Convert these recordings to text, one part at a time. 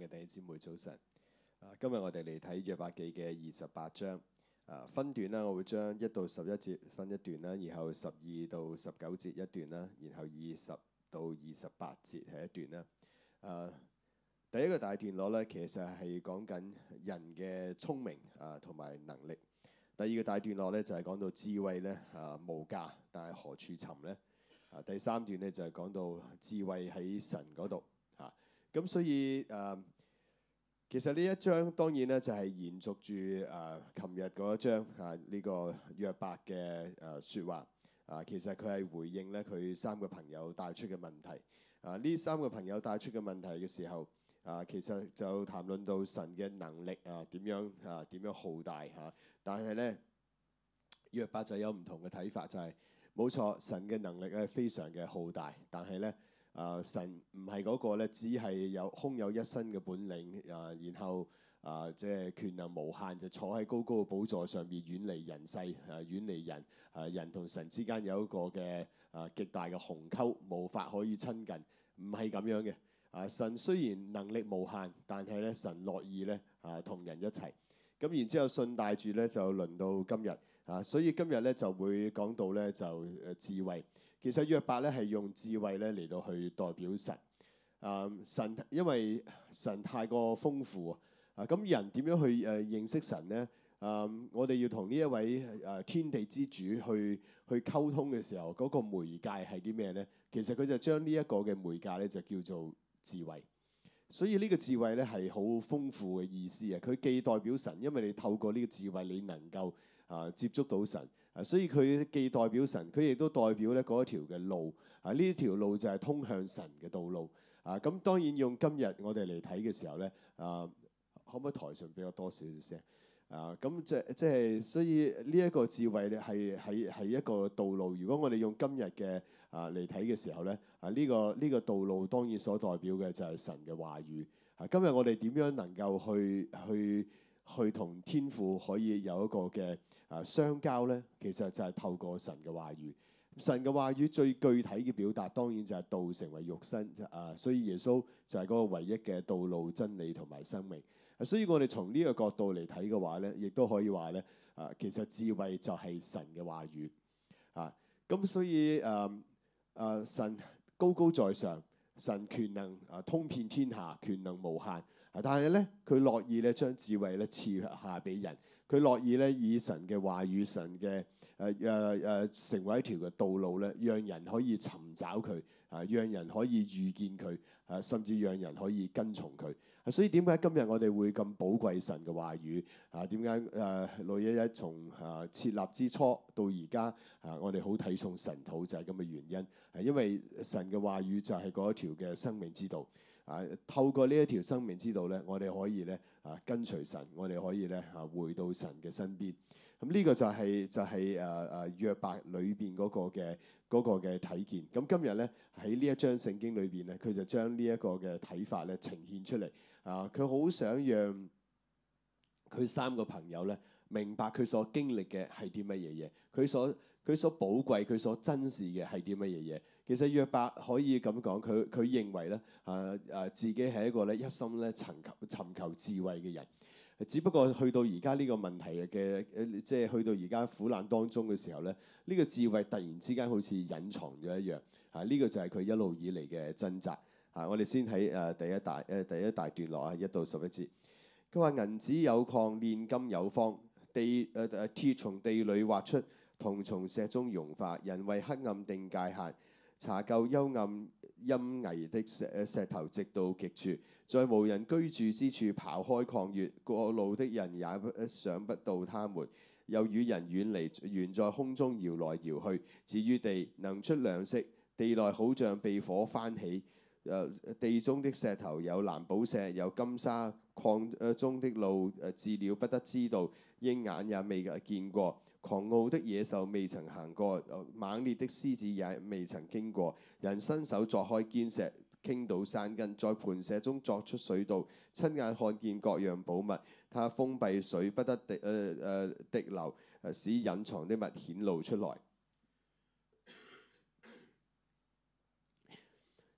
嘅弟兄姊妹早晨，啊、今日我哋嚟睇約伯記嘅二十八章，啊，分段啦，我會將一到十一節分一段啦，然後十二到十九節一段啦，然後二十到二十八節係一段啦。啊，第一個大段落咧，其實係講緊人嘅聰明啊同埋能力；第二個大段落咧，就係講到智慧咧啊無價，但係何處尋咧？啊，第三段咧就係講到智慧喺神嗰度。咁所以誒，其實呢一章當然咧就係延續住誒琴日嗰一章啊呢個約伯嘅誒說話啊，其實佢係、啊啊這個啊、回應咧佢三個朋友帶出嘅問題啊。呢三個朋友帶出嘅問題嘅時候啊，其實就談論到神嘅能力，啊點樣啊點樣浩大吓、啊，但係咧約伯就有唔同嘅睇法，就係冇錯，神嘅能力咧非常嘅浩大，但係咧。啊！神唔係嗰個咧，只係有空有一身嘅本領啊，然後啊，即係權能無限，就坐喺高高嘅寶座上面，遠離人世啊，遠離人啊，人同神之間有一個嘅啊極大嘅鴻溝，無法可以親近，唔係咁樣嘅啊！神雖然能力無限，但係咧，神樂意咧啊同人一齊。咁然之後順帶住咧，就輪到今日啊，所以今日咧就會講到咧就啊智慧。其實約伯咧係用智慧咧嚟到去代表神，啊、嗯、神因為神太過豐富啊，咁人點樣去誒認識神咧？啊、嗯，我哋要同呢一位誒天地之主去去溝通嘅時候，嗰、那個媒介係啲咩咧？其實佢就將呢一個嘅媒介咧就叫做智慧。所以呢個智慧咧係好豐富嘅意思啊！佢既代表神，因為你透過呢個智慧，你能夠啊接觸到神。啊，所以佢既代表神，佢亦都代表咧嗰一條嘅路。啊，呢條路就係通向神嘅道路。啊，咁當然用今日我哋嚟睇嘅時候咧，啊，可唔可以台上俾我多少少聲？啊，咁即即係所以呢一個智慧咧，係係係一個道路。如果我哋用今日嘅啊嚟睇嘅時候咧，啊呢個呢個道路當然所代表嘅就係神嘅話語。啊，今日我哋點樣能夠去去，去去同天父可以有一個嘅啊相交呢，其實就係透過神嘅話語。神嘅話語最具體嘅表達，當然就係道成為肉身。啊，所以耶穌就係嗰個唯一嘅道路、真理同埋生命。所以我哋從呢個角度嚟睇嘅話呢，亦都可以話呢，啊，其實智慧就係神嘅話語啊。咁所以啊啊，神高高在上，神權能啊，通遍天下，權能無限。但係咧，佢樂意咧將智慧咧賜下俾人，佢樂意咧以神嘅話語、神嘅誒誒誒成為一條嘅道路咧，讓人可以尋找佢，啊，讓人可以遇見佢，啊，甚至讓人可以跟從佢、啊。所以點解今日我哋會咁寶貴神嘅話語？啊，點解誒，611從誒、啊、設立之初到而家，啊，我哋好睇重神土就係咁嘅原因。啊，因為神嘅話語就係嗰一條嘅生命之道。啊！透過呢一條生命之道咧，我哋可以咧啊，跟隨神，我哋可以咧啊，回到神嘅身邊。咁、這、呢個就係、是、就係誒誒約伯裏邊嗰個嘅嗰個嘅睇見。咁今日咧喺呢一章聖經裏邊咧，佢就將呢一個嘅睇法咧呈現出嚟。啊，佢好想讓佢三個朋友咧明白佢所經歷嘅係啲乜嘢嘢，佢所佢所寶貴佢所珍視嘅係啲乜嘢嘢。其實約伯可以咁講，佢佢認為咧，啊啊自己係一個咧一心咧尋求尋求智慧嘅人。只不過去到而家呢個問題嘅，誒即係去到而家苦難當中嘅時候咧，呢、這個智慧突然之間好似隱藏咗一樣。啊，呢、這個就係佢一路以嚟嘅掙扎。啊，我哋先睇誒第一大誒、啊、第一大段落啊，一到十一節。佢話銀子有礦，煉金有方，地誒、呃、鐵從地裏挖出，銅從石中融化，人為黑暗定界限。查究幽暗陰翳的石石頭，直到極處，在無人居住之處刨開礦穴，過路的人也想不到他們。又與人遠離，懸在空中搖來搖去。至於地，能出糧食，地內好像被火翻起。誒，地中的石頭有藍寶石，有金沙。礦中的路誒，鷙鳥不得知道，鷹眼也未見過。狂傲的野獸未曾行過，猛烈的獅子也未曾經過。人伸手鑿開堅石，傾倒山根，在磐石中鑿出水道，親眼看見各樣寶物。他封閉水，不得滴，呃呃，滴流，使隱藏的物顯露出來。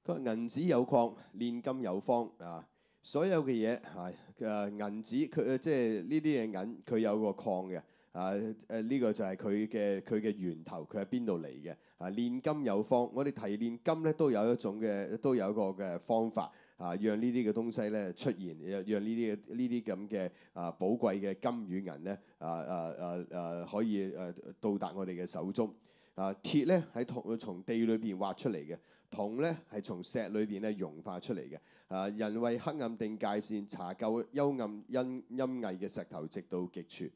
佢銀 子有礦，煉金有方啊！所有嘅嘢吓，誒、啊、銀子佢即係呢啲嘢銀，佢有個礦嘅。啊！誒、這、呢個就係佢嘅佢嘅源頭，佢喺邊度嚟嘅？啊，煉金有方，我哋提煉金咧都有一種嘅，都有一個嘅方法啊，讓呢啲嘅東西咧出現，讓這這、啊、呢啲呢啲咁嘅啊寶貴嘅金與銀咧啊啊啊啊可以誒到達我哋嘅手中啊。鐵咧喺同從地裏邊挖出嚟嘅，銅咧係從石裏邊咧融化出嚟嘅啊。人為黑暗定界線，查究幽暗因陰陰翳嘅石頭，直到極處。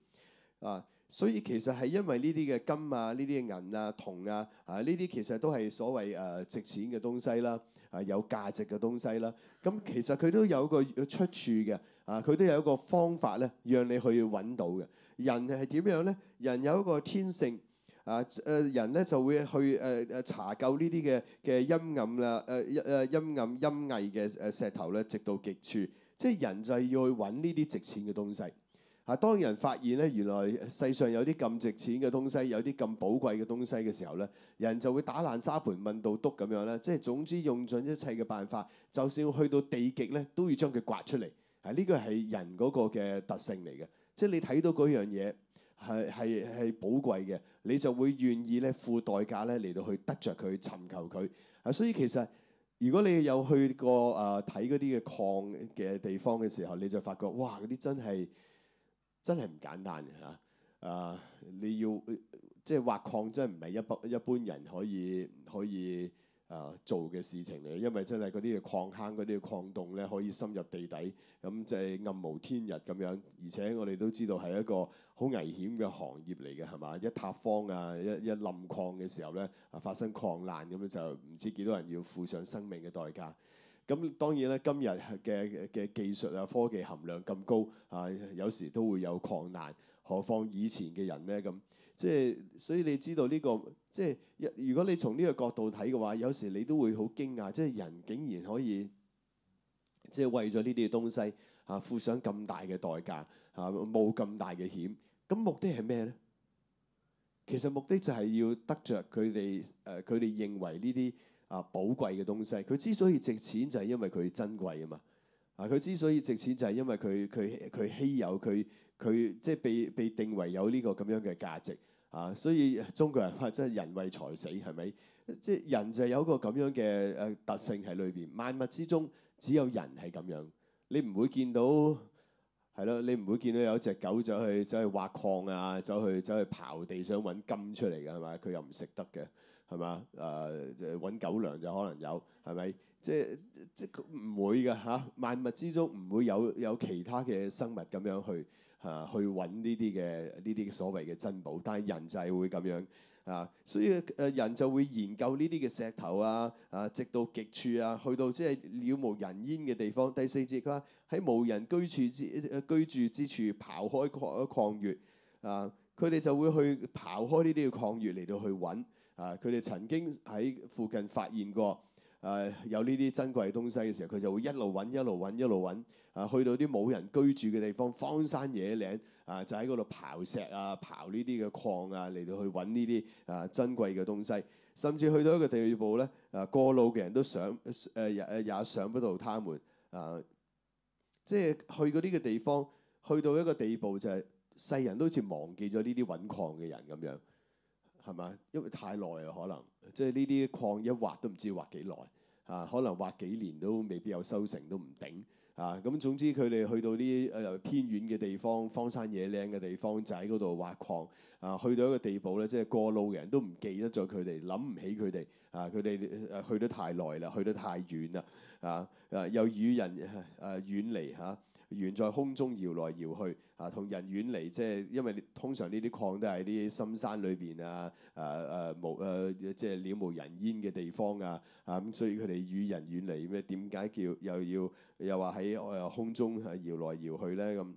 啊，所以其實係因為呢啲嘅金啊、呢啲嘅銀啊、銅啊，啊呢啲其實都係所謂誒、呃、值錢嘅東西啦，啊有價值嘅東西啦。咁、嗯、其實佢都有一個出處嘅，啊佢都有一個方法咧，讓你去揾到嘅。人係點樣咧？人有一個天性，啊誒、呃、人咧就會去誒誒、呃、查究呢啲嘅嘅陰暗啦誒誒陰暗陰翳嘅誒石頭咧，直到極處。即係人就係要去揾呢啲值錢嘅東西。啊！當人發現咧，原來世上有啲咁值錢嘅東西，有啲咁寶貴嘅東西嘅時候咧，人就會打爛沙盆問到篤咁樣咧，即係總之用盡一切嘅辦法，就算去到地極咧，都要將佢刮出嚟。啊！呢個係人嗰個嘅特性嚟嘅，即係你睇到嗰樣嘢係係係寶貴嘅，你就會願意咧付代價咧嚟到去得着佢、尋求佢。啊！所以其實如果你有去過啊睇嗰啲嘅礦嘅地方嘅時候，你就發覺哇！嗰啲真係～真係唔簡單嘅吓，啊，你要即係挖礦真係唔係一不一般人可以可以啊做嘅事情嚟，因為真係嗰啲嘅礦坑、嗰啲嘅礦洞咧可以深入地底，咁就係暗無天日咁樣，而且我哋都知道係一個好危險嘅行業嚟嘅係嘛，一塌方啊，一一冧礦嘅時候咧啊發生礦難咁樣就唔知幾多人要付上生命嘅代價。咁當然啦，今日嘅嘅技術啊、科技含量咁高啊，有時都會有困難。何況以前嘅人咧，咁即係所以你知道呢、呢個即係，如果你從呢個角度睇嘅話，有時你都會好驚訝，即係人竟然可以即係為咗呢啲東西啊，付上咁大嘅代價啊，冒咁大嘅險。咁目的係咩呢？其實目的就係要得着佢哋誒，啊，佢哋認為呢啲。啊，寶貴嘅東西，佢之所以值錢就係因為佢珍貴啊嘛！啊，佢之所以值錢就係因為佢佢佢稀有，佢佢即係被被定為有呢個咁樣嘅價值啊！所以中國人話真係人為財死係咪？即係、就是、人就有一個咁樣嘅誒特性喺裏邊，萬物之中只有人係咁樣。你唔會見到係咯？你唔會見到有一隻狗走去走去挖礦啊，走去走去刨地想揾金出嚟㗎係咪？佢又唔食得嘅。係嘛？誒，揾、啊、狗糧就可能有，係咪？即係即係佢唔會㗎吓、啊。萬物之中唔會有有其他嘅生物咁樣去嚇、啊、去揾呢啲嘅呢啲所謂嘅珍寶。但係人就係會咁樣啊，所以誒人就會研究呢啲嘅石頭啊啊，直到極處啊，去到即係了無人煙嘅地方。第四節佢話喺無人居住之、啊、居住之處刨開礦礦穴啊，佢哋就會去刨開呢啲嘅礦穴嚟到去揾。啊！佢哋曾經喺附近發現過，誒、啊、有呢啲珍貴東西嘅時候，佢就會一路揾，一路揾，一路揾。啊，去到啲冇人居住嘅地方，荒山野嶺，啊，就喺嗰度刨石啊，刨呢啲嘅礦啊，嚟到去揾呢啲啊珍貴嘅東西。甚至去到一個地步咧，啊，過路嘅人都想誒、啊，也也想不到他們啊，即係去過呢個地方，去到一個地步就係、是、世人都好似忘記咗呢啲揾礦嘅人咁樣。係咪？因為太耐啦，可能即係呢啲礦一挖都唔知要挖幾耐啊，可能挖幾年都未必有收成，都唔頂啊。咁總之佢哋去到啲誒、呃、偏遠嘅地方，荒山野嶺嘅地方，就喺嗰度挖礦啊。去到一個地步咧，即係過路嘅人都唔記得咗佢哋，諗唔起佢哋啊。佢哋去得太耐啦，去得太遠啦啊！誒、啊、又與人誒、啊啊、遠離嚇，遠、啊、在空中搖來搖去。啊，同人遠離，即係因為通常呢啲礦都係啲深山裏邊啊，誒、啊、誒無誒，即係鳥無人煙嘅地方啊，嚇咁，所以佢哋與人遠離咩？點解叫又要又話喺誒空中搖來搖去咧？咁，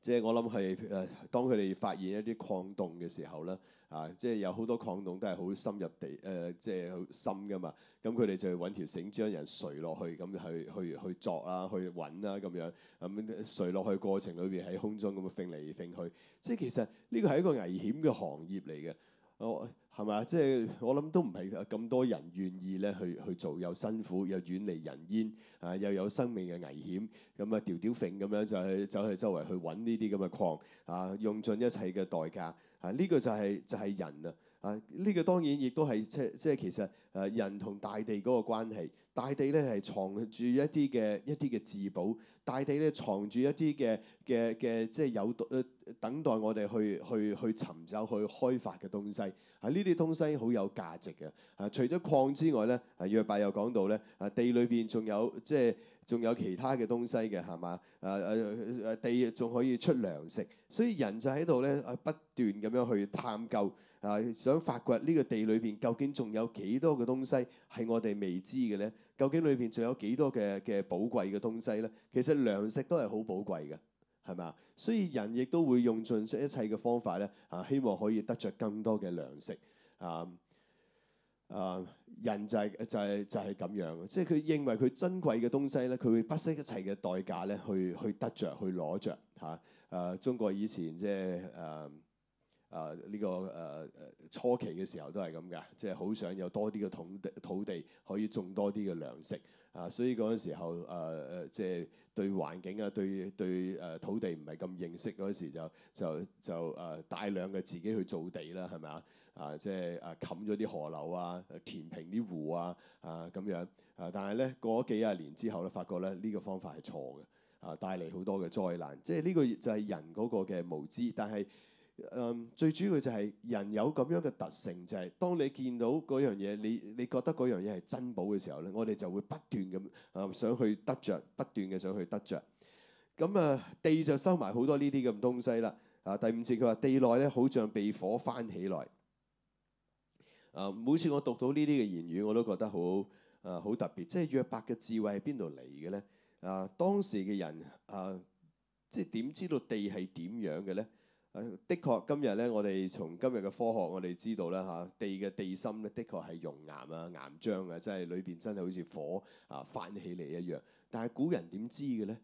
即係我諗係誒，當佢哋發現一啲礦洞嘅時候咧。啊，即係有好多礦洞都係好深入地，誒，即係好深噶嘛。咁佢哋就要揾條繩將人垂落去，咁去去去作啦，去揾啦，咁樣咁垂落去過程裏邊喺空中咁樣揈嚟揈去。即係其實呢個係一個危險嘅行業嚟嘅。哦係咪啊？即係我諗都唔係咁多人願意咧去去做，又辛苦又遠離人煙，啊又有生命嘅危險。咁啊條條揈咁樣就去走去周圍去揾呢啲咁嘅礦啊，用盡一切嘅代價。啊！呢、這個就係、是、就係、是、人啊！啊！呢、這個當然亦都係即即其實誒、啊、人同大地嗰個關係，大地咧係藏住一啲嘅一啲嘅資寶，大地咧藏住一啲嘅嘅嘅即係有等等待我哋去去去尋找去，去開發嘅東西，啊呢啲東西好有價值嘅。啊！除咗礦之外咧，約伯又講到咧，啊，啊地裏邊仲有即係。仲有其他嘅東西嘅係嘛？誒誒誒地仲可以出糧食，所以人就喺度咧不斷咁樣去探究，啊想發掘呢個地裏邊究竟仲有幾多嘅東西係我哋未知嘅咧？究竟裏邊仲有幾多嘅嘅寶貴嘅東西咧？其實糧食都係好寶貴嘅，係咪？所以人亦都會用盡一切嘅方法咧，啊希望可以得着更多嘅糧食。嗯、啊。啊，人就係、係、就係、係、就係、係、咁樣，即係佢認為佢珍貴嘅東西咧，佢會不惜一切嘅代價咧，去得去得着、去攞着。嚇。誒，中國以前即係誒誒呢個誒、啊、初期嘅時候都係咁嘅，即係好想有多啲嘅土地土地可以種多啲嘅糧食啊，所以嗰陣時候誒誒即係對環境啊對對誒土地唔係咁認識，嗰時就就就誒大量嘅自己去做地啦，係咪啊？啊，即係啊，冚咗啲河流啊，填平啲湖啊，啊咁樣啊，但係咧過咗幾廿年之後咧，發覺咧呢個方法係錯嘅，啊帶嚟好多嘅災難，即係呢個就係人嗰個嘅無知。但係誒、嗯、最主要就係人有咁樣嘅特性，就係、是、當你見到嗰樣嘢，你你覺得嗰樣嘢係珍寶嘅時候咧，我哋就會不斷咁啊想去得着，不斷嘅想去得着。咁啊地就收埋好多呢啲咁東西啦。啊第五節，佢話地內咧好像被火翻起來。啊！每次我讀到呢啲嘅言語，我都覺得好啊，好特別。即係約伯嘅智慧喺邊度嚟嘅咧？啊，當時嘅人啊，即係點知道地係點樣嘅咧？啊，的確，今日咧，我哋從今日嘅科學，我哋知道啦。嚇、啊、地嘅地心咧，的確係熔岩啊、岩漿啊，即係裏邊真係好似火啊翻起嚟一樣。但係古人點知嘅咧？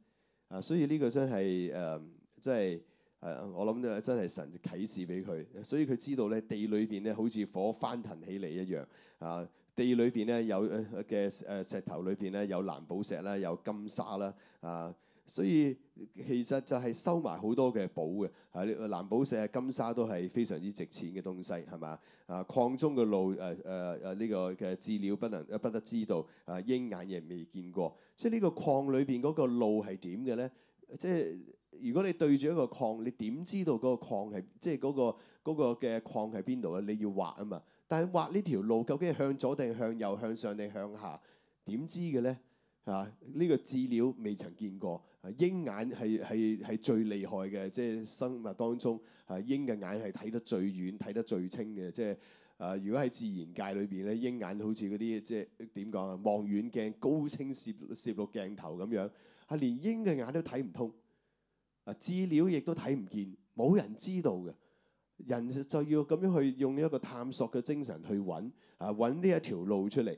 啊，所以呢個真係誒、啊，即係。係啊，我諗真係神啟示俾佢，所以佢知道咧，地裏邊咧，好似火翻騰起嚟一樣啊！地裏邊咧有嘅誒石頭裏邊咧有藍寶石啦，有金沙啦啊！所以其實就係收埋好多嘅寶嘅啊！藍寶石啊，金沙，都係非常之值錢嘅東西，係咪？啊？礦中嘅路誒誒誒呢個嘅資料不能不得知道啊！鷹眼亦未見過，即係呢個礦裏邊嗰個路係點嘅咧？即係。如果你對住一個礦，你點知道嗰個礦係即係嗰個嗰個嘅礦係邊度咧？你要畫啊嘛。但係畫呢條路究竟係向左定向右、向上定向下？點知嘅咧？啊，呢個資料未曾見過。鷹眼係係係最厲害嘅，即係生物當中啊，鷹嘅眼係睇得最遠、睇得最清嘅。即係啊，如果喺自然界裏邊咧，鷹眼好似嗰啲即係點講啊？望遠鏡、高清攝攝錄鏡頭咁樣啊，連鷹嘅眼都睇唔通。啊，資料亦都睇唔見，冇人知道嘅，人就要咁樣去用一個探索嘅精神去揾，啊揾呢一條路出嚟，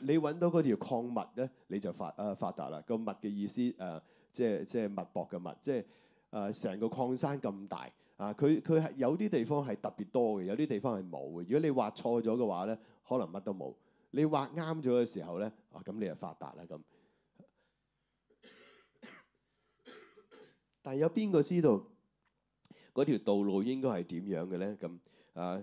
你揾到嗰條礦物咧，你就發啊、呃、發達啦。個脈嘅意思誒、呃，即係即係脈搏嘅脈，即係誒成個礦山咁大，啊佢佢係有啲地方係特別多嘅，有啲地方係冇嘅。如果你挖錯咗嘅話咧，可能乜都冇；你挖啱咗嘅時候咧，啊咁你就發達啦咁。但係有邊個知道嗰條道路應該係點樣嘅咧？咁、嗯、啊，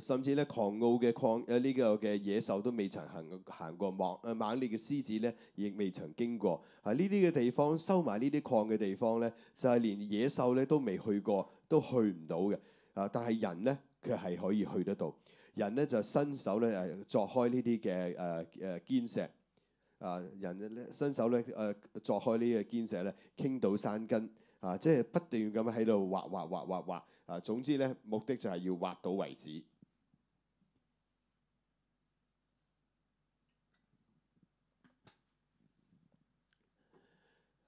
甚至咧狂傲嘅礦誒呢個嘅野獸都未曾行行過猛猛烈嘅獅子咧，亦未曾經過啊！呢啲嘅地方，收埋呢啲礦嘅地方咧，就係、是、連野獸咧都未去過，都去唔到嘅啊！但係人咧，佢係可以去得到。人咧就伸手咧誒，鑿開呢啲嘅誒誒堅石啊！人呢伸手咧誒，鑿開呢個堅石咧，傾倒山根。啊，即係不斷咁喺度挖挖挖挖挖，啊，總之咧目的就係要挖到為止。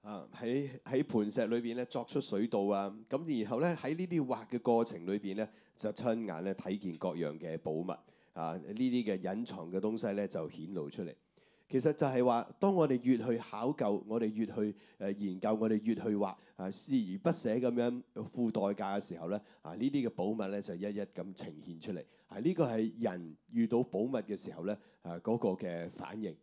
啊，喺喺盤石裏邊咧作出水道啊，咁然後咧喺呢啲挖嘅過程裏邊咧，就親眼咧睇見各樣嘅寶物，啊，呢啲嘅隱藏嘅東西咧就顯露出嚟。其實就係話，當我哋越去考究，我哋越去誒研究，我哋越去話啊，孜而不捨咁樣付代價嘅時候咧，啊呢啲嘅寶物咧就一一咁呈現出嚟。啊呢、這個係人遇到寶物嘅時候咧，啊嗰、那個嘅反應。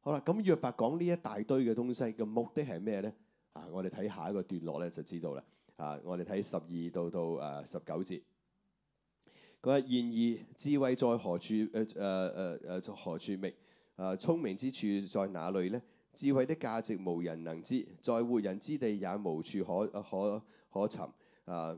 好啦，咁約伯講呢一大堆嘅東西嘅目的係咩咧？啊我哋睇下一個段落咧就知道啦。啊我哋睇十二到到啊十九節。佢話：然而智慧在何處？誒誒誒誒何處覓？啊！聰明之處在哪裏呢？智慧的價值無人能知，在活人之地也無處可、啊、可可尋。啊、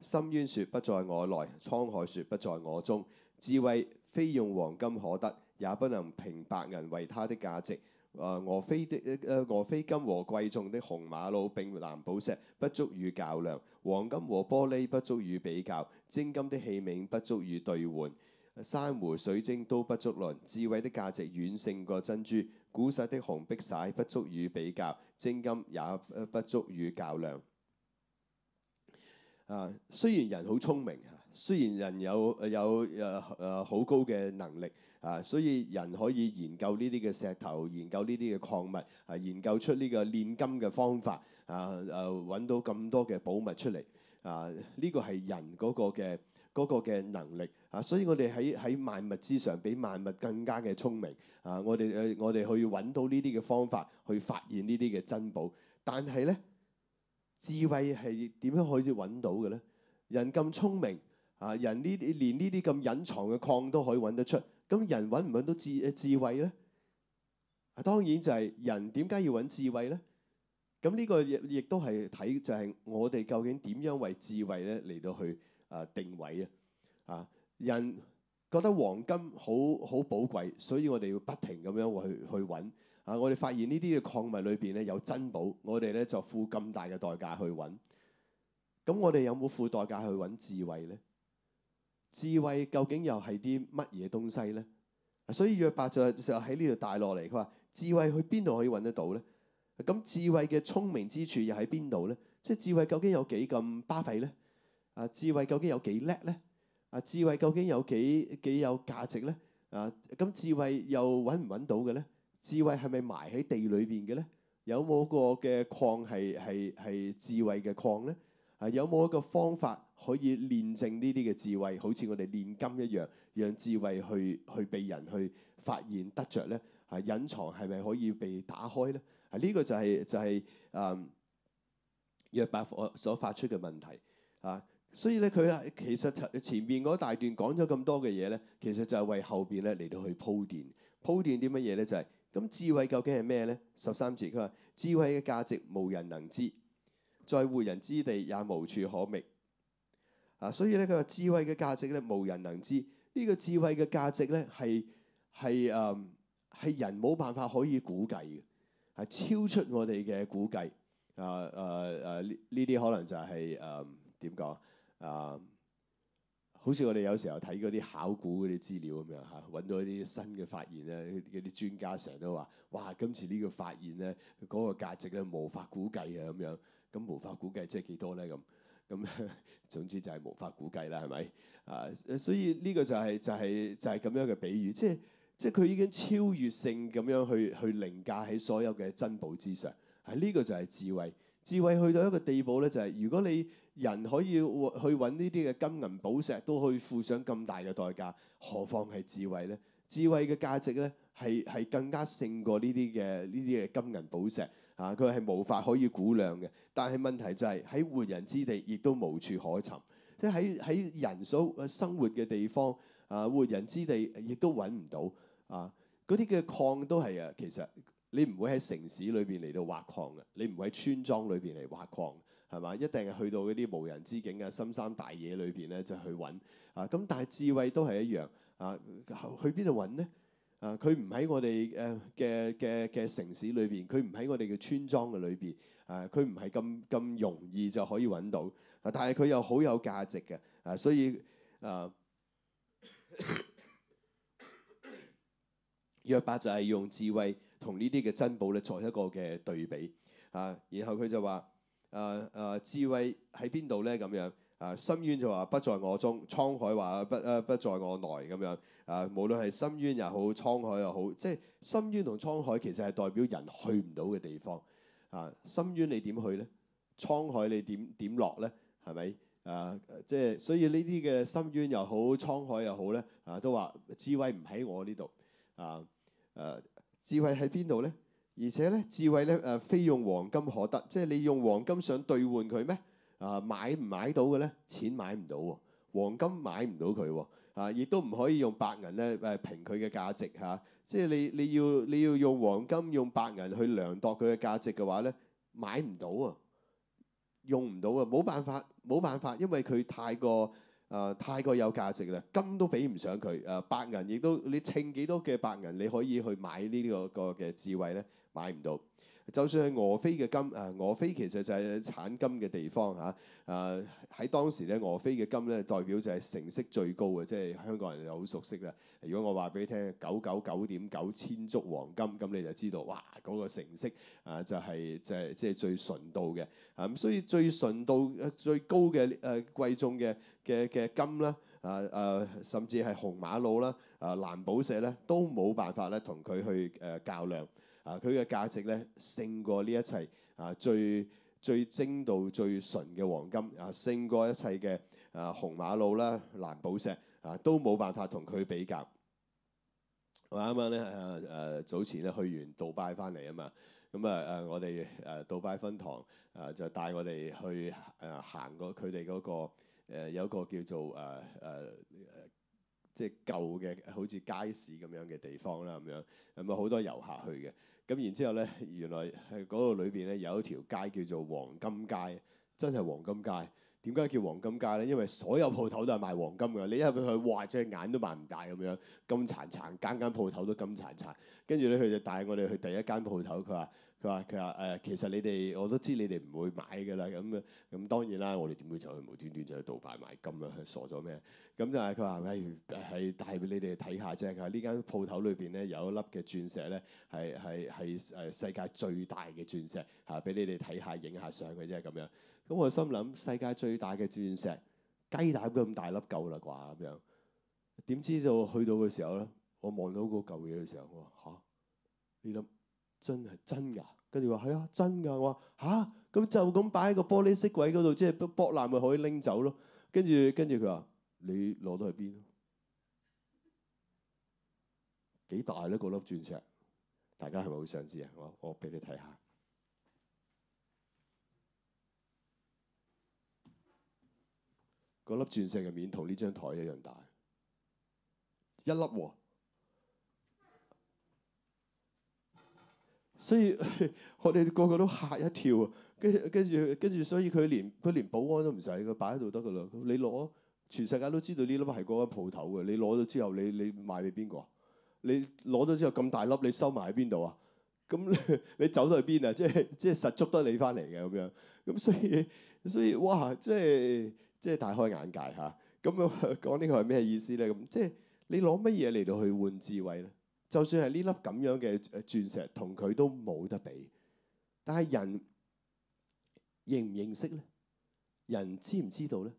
深淵説不在我內，滄海説不在我中。智慧非用黃金可得，也不能平白銀為它的價值。啊！俄斐的啊！俄斐金和貴重的紅瑪瑙並藍寶石不足於較量，黃金和玻璃不足於比較，精金的器皿不足於兌換。珊瑚水晶都不足論，智慧的價值遠勝過珍珠。古實的紅璧璽不足與比較，精金也不足與較量。啊，雖然人好聰明，啊，雖然人有有誒誒好高嘅能力，啊，所以人可以研究呢啲嘅石頭，研究呢啲嘅礦物，啊，研究出呢個煉金嘅方法，啊誒揾到咁多嘅寶物出嚟，啊，呢個係人嗰個嘅。嗰個嘅能力啊，所以我哋喺喺萬物之上，比萬物更加嘅聰明啊！我哋誒、啊，我哋去揾到呢啲嘅方法，去發現呢啲嘅珍寶。但係咧，智慧係點樣可以揾到嘅咧？人咁聰明啊，人呢啲連呢啲咁隱藏嘅礦都可以揾得出，咁人揾唔揾到智智慧咧？啊，當然就係人點解要揾智慧咧？咁呢個亦亦都係睇就係、是、我哋究竟點樣為智慧咧嚟到去。啊定位啊，啊人覺得黃金好好寶貴，所以我哋要不停咁樣去去揾啊！我哋發現呢啲嘅礦物裏邊咧，有珍寶，我哋咧就付咁大嘅代價去揾。咁我哋有冇付代價去揾智慧咧？智慧究竟又係啲乜嘢東西咧？所以約伯就就喺呢度帶落嚟，佢話智慧去邊度可以揾得到咧？咁智慧嘅聰明之處又喺邊度咧？即係智慧究竟有幾咁巴閉咧？啊！智慧究竟有幾叻咧？啊！智慧究竟有幾幾有價值咧？啊！咁智慧又揾唔揾到嘅咧？智慧係咪埋喺地裏邊嘅咧？有冇一個嘅礦係係係智慧嘅礦咧？啊！有冇一個方法可以煉淨呢啲嘅智慧，好似我哋煉金一樣，讓智慧去去被人去發現得着咧？啊！隱藏係咪可以被打開咧？啊！呢、這個就係、是、就係啊約伯所發出嘅問題啊！所以咧，佢係其實前邊嗰大段講咗咁多嘅嘢咧，其實就係為後邊咧嚟到去鋪墊。鋪墊啲乜嘢咧？就係、是、咁智慧究竟係咩咧？十三節，佢話智慧嘅價值無人能知，在活人之地也無處可覓。啊，所以咧，佢話智慧嘅價值咧無人能知。呢、這個智慧嘅價值咧係係誒係人冇辦法可以估計嘅，係超出我哋嘅估計。啊啊啊！呢、呃、啲可能就係誒點講？呃啊，uh, 好似我哋有時候睇嗰啲考古啲資料咁樣嚇，揾到一啲新嘅發現咧，啲專家成日都話：哇，今次呢個發現咧，嗰個價值咧無法估計啊，咁樣，咁無法估計即係幾多咧咁，咁總之就係無法估計啦，係咪？啊、uh，所以呢個就係就係就係咁樣嘅比喻，即係即係佢已經超越性咁樣去去凌駕喺所有嘅珍寶之上，係呢個就係智慧。智慧去到一個地步咧，就係、是、如果你人可以去揾呢啲嘅金銀寶石，都可以付上咁大嘅代價，何況係智慧咧？智慧嘅價值咧，係係更加勝過呢啲嘅呢啲嘅金銀寶石啊！佢係無法可以估量嘅。但係問題就係喺活人之地，亦都無處可尋。即係喺人所生活嘅地方啊，活人之地亦都揾唔到啊！嗰啲嘅礦都係啊，其實～你唔會喺城市裏邊嚟到挖礦嘅，你唔會喺村莊裏邊嚟挖礦，係嘛？一定係去到嗰啲無人之境嘅深山大野裏邊咧，就去揾啊！咁但係智慧都係一樣啊，去邊度揾咧？啊，佢唔喺我哋誒嘅嘅嘅城市裏邊，佢唔喺我哋嘅村莊嘅裏邊啊，佢唔係咁咁容易就可以揾到啊，但係佢又好有價值嘅啊，所以啊，約伯就係用智慧。同呢啲嘅珍寶咧，作一個嘅對比啊，然後佢就話：誒、啊、誒、啊，智慧喺邊度咧？咁樣啊，深淵就話不在我中，滄海話不誒、啊、不在我內咁樣啊。無論係深淵又好，滄海又好，即係深淵同滄海其實係代表人去唔到嘅地方啊。深淵你點去咧？滄海你點點落咧？係咪啊？即係所以呢啲嘅深淵又好，滄海又好咧，啊都話智慧唔喺我呢度啊誒。啊智慧喺邊度咧？而且咧，智慧咧誒，非用黃金可得，即係你用黃金想兌換佢咩？啊，買唔買到嘅咧？錢買唔到喎，黃金買唔到佢喎，啊，亦都唔可以用白銀咧誒平佢嘅價值嚇，即係你你要你要用黃金用白銀去量度佢嘅價值嘅話咧，買唔到啊，用唔到啊，冇辦法冇辦法，因為佢太過。啊，太過、呃、有價值啦，金都比唔上佢，啊、呃，白銀亦都，你稱幾多嘅白銀你可以去買呢、呢個、呢個嘅、呢個、智慧呢，買唔到。就算係俄斐嘅金，誒俄斐其實就係產金嘅地方嚇，誒、啊、喺當時咧俄斐嘅金咧代表就係成色最高嘅，即係香港人又好熟悉啦。如果我話俾你聽九九九點九千足黃金，咁你就知道，哇嗰，那個成色啊就係即係即係最純度嘅。咁、啊、所以最純度最高嘅誒、啊、貴重嘅嘅嘅金啦，誒、啊、誒、啊、甚至係紅瑪瑙啦、誒、啊、藍寶石咧，都冇辦法咧同佢去誒較、啊、量。啊！佢嘅價值咧勝過呢一切啊，最最精到最純嘅黃金啊，勝過一切嘅啊紅瑪瑙啦、藍寶石啊，都冇辦法同佢比較。我剛剛。我啱啱咧誒早前咧去完杜拜翻嚟啊嘛，咁啊誒我哋誒、呃、杜拜分堂啊、呃、就帶我哋去誒、呃、行過、那個佢哋嗰個有一個叫做誒誒誒即係舊嘅好似街市咁樣嘅地方啦咁樣，咁冇好多遊客去嘅？咁然之後咧，原來係嗰度裏邊咧有一條街叫做黃金街，真係黃金街。點解叫黃金街咧？因為所有鋪頭都係賣黃金㗎。你一入去，哇！隻眼都擘唔大咁樣，金燦燦，間間鋪頭都金燦燦。跟住咧，佢就帶我哋去第一間鋪頭，佢話。佢話：佢話誒，其實你哋我都知你哋唔會買嘅啦，咁咁當然啦，我哋點會走去無端端就去杜拜買金啊？傻咗咩？咁就係佢話：誒、哎，係帶俾你哋睇下啫。佢話呢間鋪頭裏邊咧有一粒嘅鑽石咧，係係係誒世界最大嘅鑽石嚇，俾你哋睇下，影下相嘅啫咁樣。咁我心諗世界最大嘅鑽石，雞蛋咁大粒夠啦啩？咁樣點知道去到嘅時候咧，我望到個嚿嘢嘅時候，我話嚇，呢粒？啊真係真㗎，跟住話係啊，真㗎。我話吓，咁就咁擺喺個玻璃飾櫃嗰度，即係駁攬咪可以拎走咯。跟住跟住佢話：你攞到去邊？幾大咧，嗰粒鑽石？大家係咪好想知啊？我我俾你睇下，嗰粒鑽石嘅面同呢張台一樣大，一粒喎。所以我哋個個都嚇一跳啊！跟住跟住跟住，所以佢連佢連保安都唔使，佢擺喺度得㗎喇。你攞全世界都知道呢粒係嗰間鋪頭嘅。你攞咗之後，你你賣俾邊個？你攞咗之後咁大粒，你收埋喺邊度啊？咁你，你走咗去邊啊？即係即係實足都得你翻嚟嘅咁樣。咁所以所以哇，即係即係大開眼界吓。咁啊講呢個係咩意思咧？咁即係你攞乜嘢嚟到去換智慧咧？就算係呢粒咁樣嘅誒鑽石，同佢都冇得比。但係人認唔認識咧？人知唔知道咧？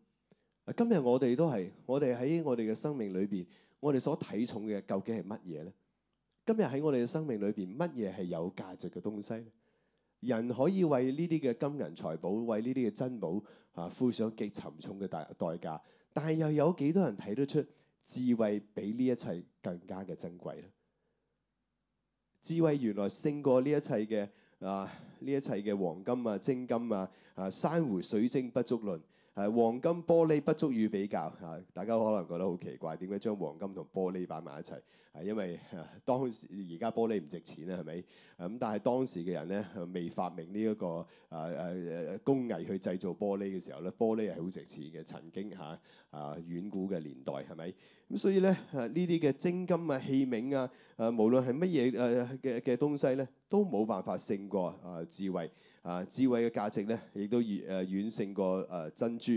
今日我哋都係我哋喺我哋嘅生命裏邊，我哋所睇重嘅究竟係乜嘢咧？今日喺我哋嘅生命裏邊，乜嘢係有價值嘅東西咧？人可以為呢啲嘅金銀財寶、為呢啲嘅珍寶啊，付上極沉重嘅大代價。但係又有幾多人睇得出智慧比呢一切更加嘅珍貴咧？智慧原來勝過呢一切嘅啊，呢一切嘅黃金啊、精金啊、啊、珊瑚水晶不足論。係、啊、黃金玻璃不足以比較嚇、啊，大家可能覺得好奇怪，點解將黃金同玻璃擺埋一齊？係、啊、因為、啊、當時而家玻璃唔值錢啦，係咪？咁、啊、但係當時嘅人咧，未發明呢、這、一個誒誒誒工藝去製造玻璃嘅時候咧，玻璃係好值錢嘅，曾經嚇啊，啊遠古嘅年代係咪？咁、啊、所以咧誒呢啲嘅、啊、精金啊器皿啊誒、啊、無論係乜嘢誒嘅嘅東西咧，都冇辦法勝過誒、啊啊、智慧。啊，智慧嘅價值咧，亦都越誒遠勝過誒珍珠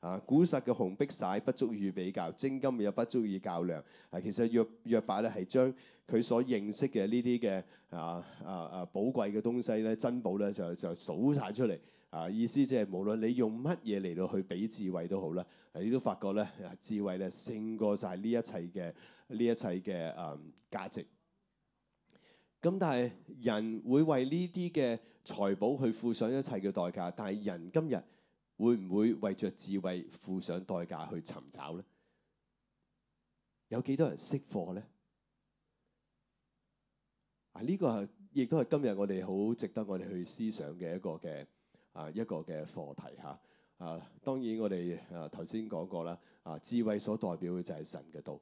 啊。古實嘅紅碧璽不足以比較，精金又不足以較量。啊，其實約約伯咧係將佢所認識嘅呢啲嘅啊啊啊寶貴嘅東西咧，珍寶咧就就數晒出嚟啊。意思即、就、係、是、無論你用乜嘢嚟到去比智慧都好啦，你都發覺咧，智慧咧勝過晒呢一切嘅呢一切嘅誒、嗯、價值。咁但係人會為呢啲嘅財寶去付上一切嘅代價，但係人今日會唔會為着智慧付上代價去尋找咧？有幾多人識貨咧？啊，呢個係亦都係今日我哋好值得我哋去思想嘅一個嘅啊一個嘅課題吓啊，啊！當然我哋啊頭先講過啦，啊智慧所代表嘅就係神嘅道。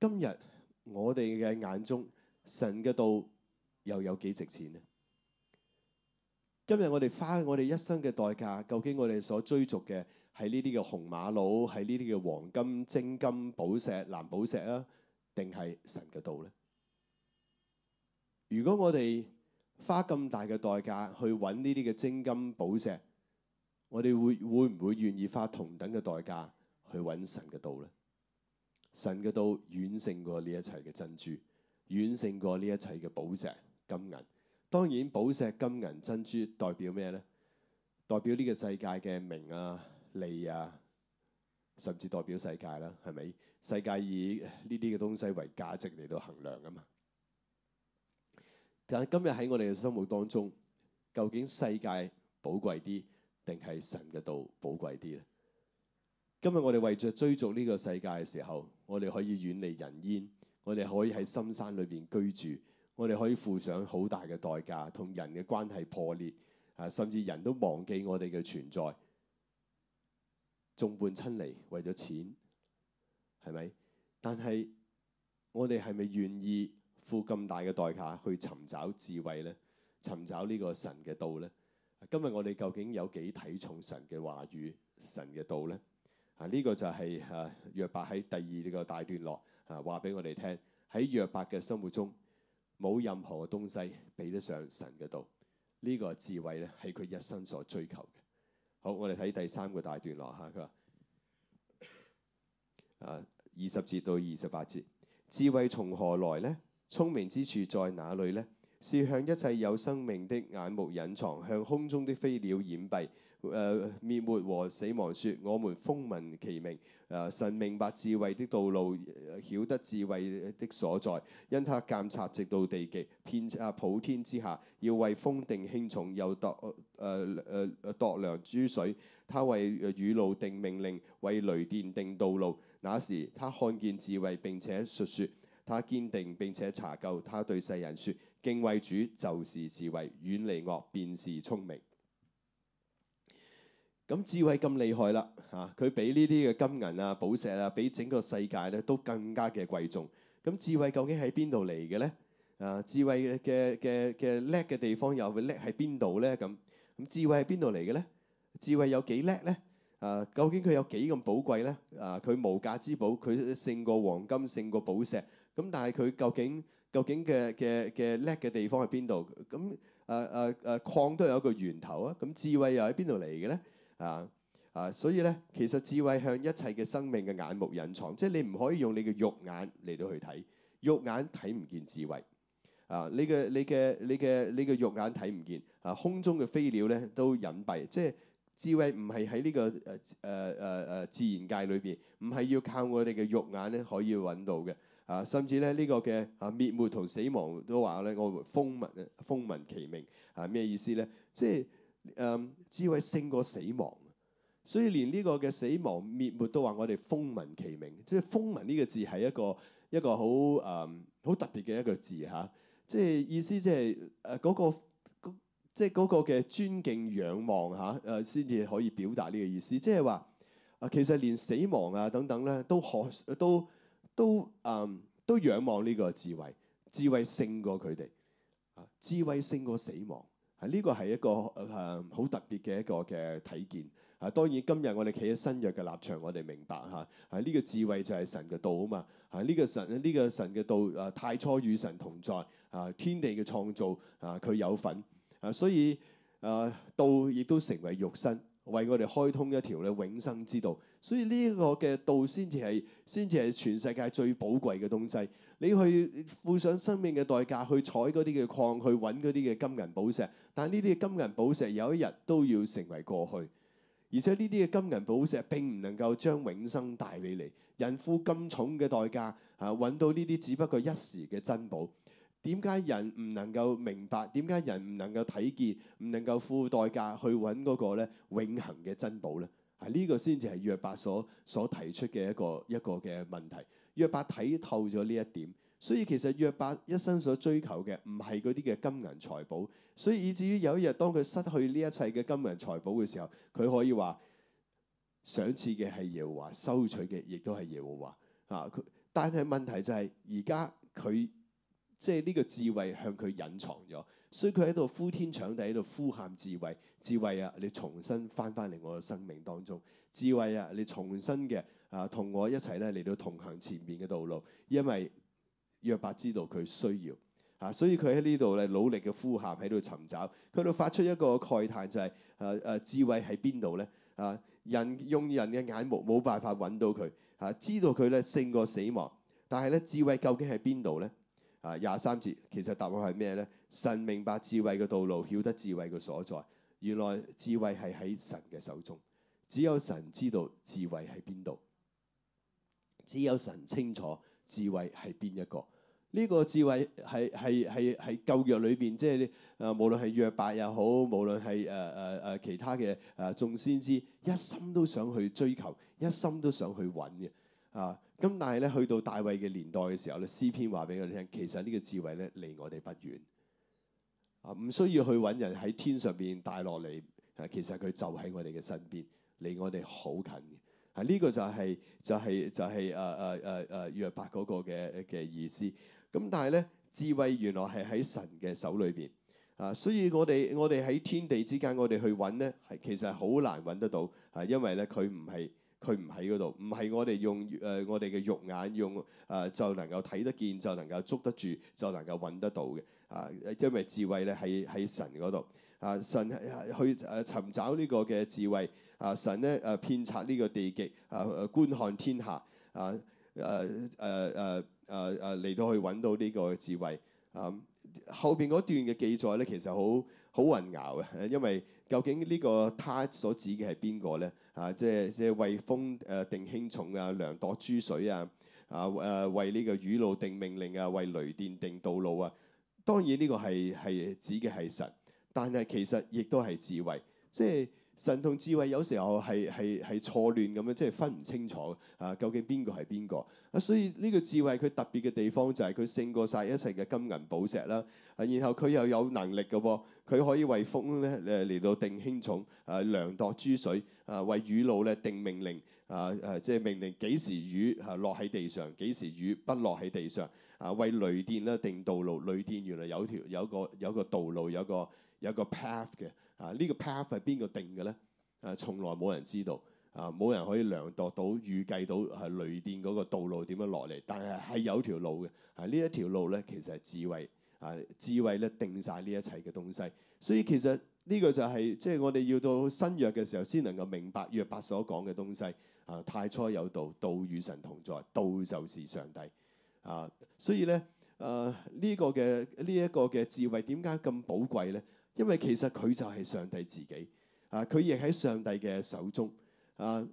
今日我哋嘅眼中神嘅道又有幾值錢呢？今日我哋花我哋一生嘅代價，究竟我哋所追逐嘅係呢啲嘅紅瑪瑙，係呢啲嘅黃金、精金、寶石、藍寶石啊，定係神嘅道咧？如果我哋花咁大嘅代價去揾呢啲嘅精金寶石，我哋會會唔會願意花同等嘅代價去揾神嘅道咧？神嘅道遠勝過呢一切嘅珍珠，遠勝過呢一切嘅寶石、金銀。當然，寶石、金銀、珍珠代表咩咧？代表呢個世界嘅名啊、利啊，甚至代表世界啦、啊，係咪？世界以呢啲嘅東西為價值嚟到衡量噶嘛？但係今日喺我哋嘅生活當中，究竟世界寶貴啲，定係神嘅道寶貴啲咧？今日我哋為着追逐呢個世界嘅時候，我哋可以遠離人煙，我哋可以喺深山裏邊居住。我哋可以付上好大嘅代價，同人嘅關係破裂啊，甚至人都忘記我哋嘅存在，眾叛親離，為咗錢係咪？但係我哋係咪願意付咁大嘅代價去尋找智慧咧？尋找呢個神嘅道咧？今日我哋究竟有幾睇重神嘅話語、神嘅道咧？啊，呢個就係啊約伯喺第二呢個大段落啊話俾我哋聽喺約伯嘅生活中。冇任何嘅東西比得上神嘅道，呢個智慧咧係佢一生所追求嘅。好，我哋睇第三個大段落吓，佢話：啊，二十節到二十八節，智慧從何來呢？聰明之處在哪裡呢？是向一切有生命的眼目隱藏，向空中的飛鳥掩蔽。誒滅沒和死亡說，説我們風聞其名。誒神明白智慧的道路，曉得智慧的所在。因他監察直到地極，遍察普天之下，要為風定輕重，又度誒誒、呃、度量諸水。他為雨露定命令，為雷電定道路。那時他看見智慧並且述説，他堅定並且查究。他對世人説：敬畏主就是智慧，遠離惡便是聰明。咁智慧咁厲害啦嚇，佢比呢啲嘅金銀啊、寶石啊，比整個世界咧都更加嘅貴重。咁智慧究竟喺邊度嚟嘅咧？啊，智慧嘅嘅嘅叻嘅地方又會叻喺邊度咧？咁咁智慧喺邊度嚟嘅咧？智慧有幾叻咧？啊，究竟佢有幾咁寶貴咧？啊，佢無價之寶，佢勝過黃金，勝過寶石。咁但係佢究竟究竟嘅嘅嘅叻嘅地方喺邊度？咁誒誒誒，礦都有一個源頭啊。咁智慧又喺邊度嚟嘅咧？啊啊！所以咧，其實智慧向一切嘅生命嘅眼目隱藏，即係你唔可以用你嘅肉眼嚟到去睇，肉眼睇唔見智慧。啊，你嘅你嘅你嘅你嘅肉眼睇唔見啊，空中嘅飛鳥咧都隱蔽，即係智慧唔係喺呢個誒誒誒誒自然界裏邊，唔係要靠我哋嘅肉眼咧可以揾到嘅啊，甚至咧呢個嘅啊滅沒同死亡都話咧我風聞，風聞其名啊咩意思咧？即係。誒，um, 智慧勝過死亡，所以連呢個嘅死亡滅沒都話我哋風聞其名，即係風聞呢個字係一個一個好誒好特別嘅一個字吓、啊，即係意思即係誒嗰個，即係嗰個嘅尊敬仰望吓，誒先至可以表達呢個意思，即係話啊其實連死亡啊等等咧都可都都誒、um, 都仰望呢個智慧，智慧勝過佢哋，啊智慧勝過死亡。啊！呢個係一個誒好特別嘅一個嘅睇見。啊，當然今日我哋企喺新約嘅立場，我哋明白嚇。啊，呢個智慧就係神嘅道啊嘛。啊，呢個神呢、呢個神嘅道啊，太初與神同在啊，天地嘅創造啊，佢有份啊，所以啊，道亦都成為肉身，為我哋開通一條咧永生之道。所以呢一個嘅道先至係先至係全世界最寶貴嘅東西。你去付上生命嘅代價去採嗰啲嘅礦，去揾嗰啲嘅金銀寶石，但係呢啲嘅金銀寶石有一日都要成為過去，而且呢啲嘅金銀寶石並唔能夠將永生帶俾你，人付咁重嘅代價嚇揾、啊、到呢啲，只不過一時嘅珍寶。點解人唔能夠明白？點解人唔能夠睇見？唔能夠付代價去揾嗰個咧永恆嘅珍寶呢？係、啊、呢、呢個先至係約伯所所提出嘅一個一個嘅問題。約伯睇透咗呢一點，所以其實約伯一生所追求嘅唔係嗰啲嘅金銀財寶，所以以至於有一日當佢失去呢一切嘅金銀財寶嘅時候，佢可以話賞賜嘅係耶和華，收取嘅亦都係耶和華啊！但係問題就係而家佢即係呢個智慧向佢隱藏咗，所以佢喺度呼天搶地喺度呼喊智慧，智慧啊！你重新翻翻嚟我嘅生命當中，智慧啊！你重新嘅。啊，同我一齊咧嚟到同行前面嘅道路，因為約伯知道佢需要啊，所以佢喺呢度咧努力嘅呼喊喺度尋找，佢度發出一個慨嘆就係、是、啊啊，智慧喺邊度咧？啊，人用人嘅眼目冇辦法揾到佢啊，知道佢咧勝過死亡，但係咧智慧究竟喺邊度咧？啊，廿三節其實答案係咩咧？神明白智慧嘅道路，曉得智慧嘅所在，原來智慧係喺神嘅手中，只有神知道智慧喺邊度。.只有神清楚智慧係邊一個？呢個智慧係係係係舊約裏邊，即係誒、呃，無論係約伯又好，無論係誒誒誒其他嘅誒眾先知，一心都想去追求，一心都想去揾嘅啊！咁但係咧，去到大衛嘅年代嘅時候咧，詩篇話俾我哋聽，其實呢個智慧咧離我哋不遠啊，唔需要去揾人喺天上邊帶落嚟啊，其實佢就喺我哋嘅身邊，離我哋好近嘅。係呢、啊這個就係、是、就係就係誒誒誒誒約伯嗰個嘅嘅意思。咁、啊、但係咧，智慧原來係喺神嘅手裏邊。啊，所以我哋我哋喺天地之間，我哋去揾咧，係其實好難揾得到。啊，因為咧佢唔係佢唔喺嗰度，唔係我哋用誒、呃、我哋嘅肉眼用啊，就能夠睇得見，就能夠捉得住，就能夠揾得到嘅。啊，因為智慧咧喺係神嗰度。啊，神去誒、啊、尋找呢個嘅智慧。啊！神咧，誒遍察呢個地極，誒、啊、誒觀看天下，啊誒誒誒誒誒嚟到去揾到呢個智慧。啊、後邊嗰段嘅記載咧，其實好好混淆嘅、啊，因為究竟呢個他所指嘅係邊個咧？啊，即係即係為風誒定輕重啊，量度諸水啊，啊誒為呢個雨露定命令啊，為雷電定道路啊。當然呢個係係指嘅係神，但係其實亦都係智慧，即係。神同智慧有時候係係係錯亂咁樣，即係分唔清楚啊，究竟邊個係邊個啊？所以呢個智慧佢特別嘅地方就係佢勝過晒一切嘅金銀寶石啦。啊，然後佢又有能力嘅喎，佢、啊、可以為風咧誒嚟到定輕重，誒、啊、量度諸水，誒、啊、為雨露咧定命令，啊誒即係命令幾時雨誒落喺地上，幾時雨不落喺地上，啊為雷電咧定道路，雷電原來有條有個有個道路有個有個 path 嘅。啊！呢、這個 path 係邊個定嘅咧？啊，從來冇人知道，啊冇人可以量度到、預計到係雷電嗰個道路點樣落嚟。但係係有條路嘅。啊，一條呢一條路咧，其實係智慧。啊，智慧咧定晒呢一切嘅東西。所以其實呢個就係即係我哋要到新約嘅時候，先能夠明白約伯所講嘅東西。啊，太初有道，道與神同在，道就是上帝。啊，所以咧，啊呢、這個嘅呢一個嘅、這個、智慧點解咁寶貴咧？因為其實佢就係上帝自己，啊！佢亦喺上帝嘅手中，啊！呢、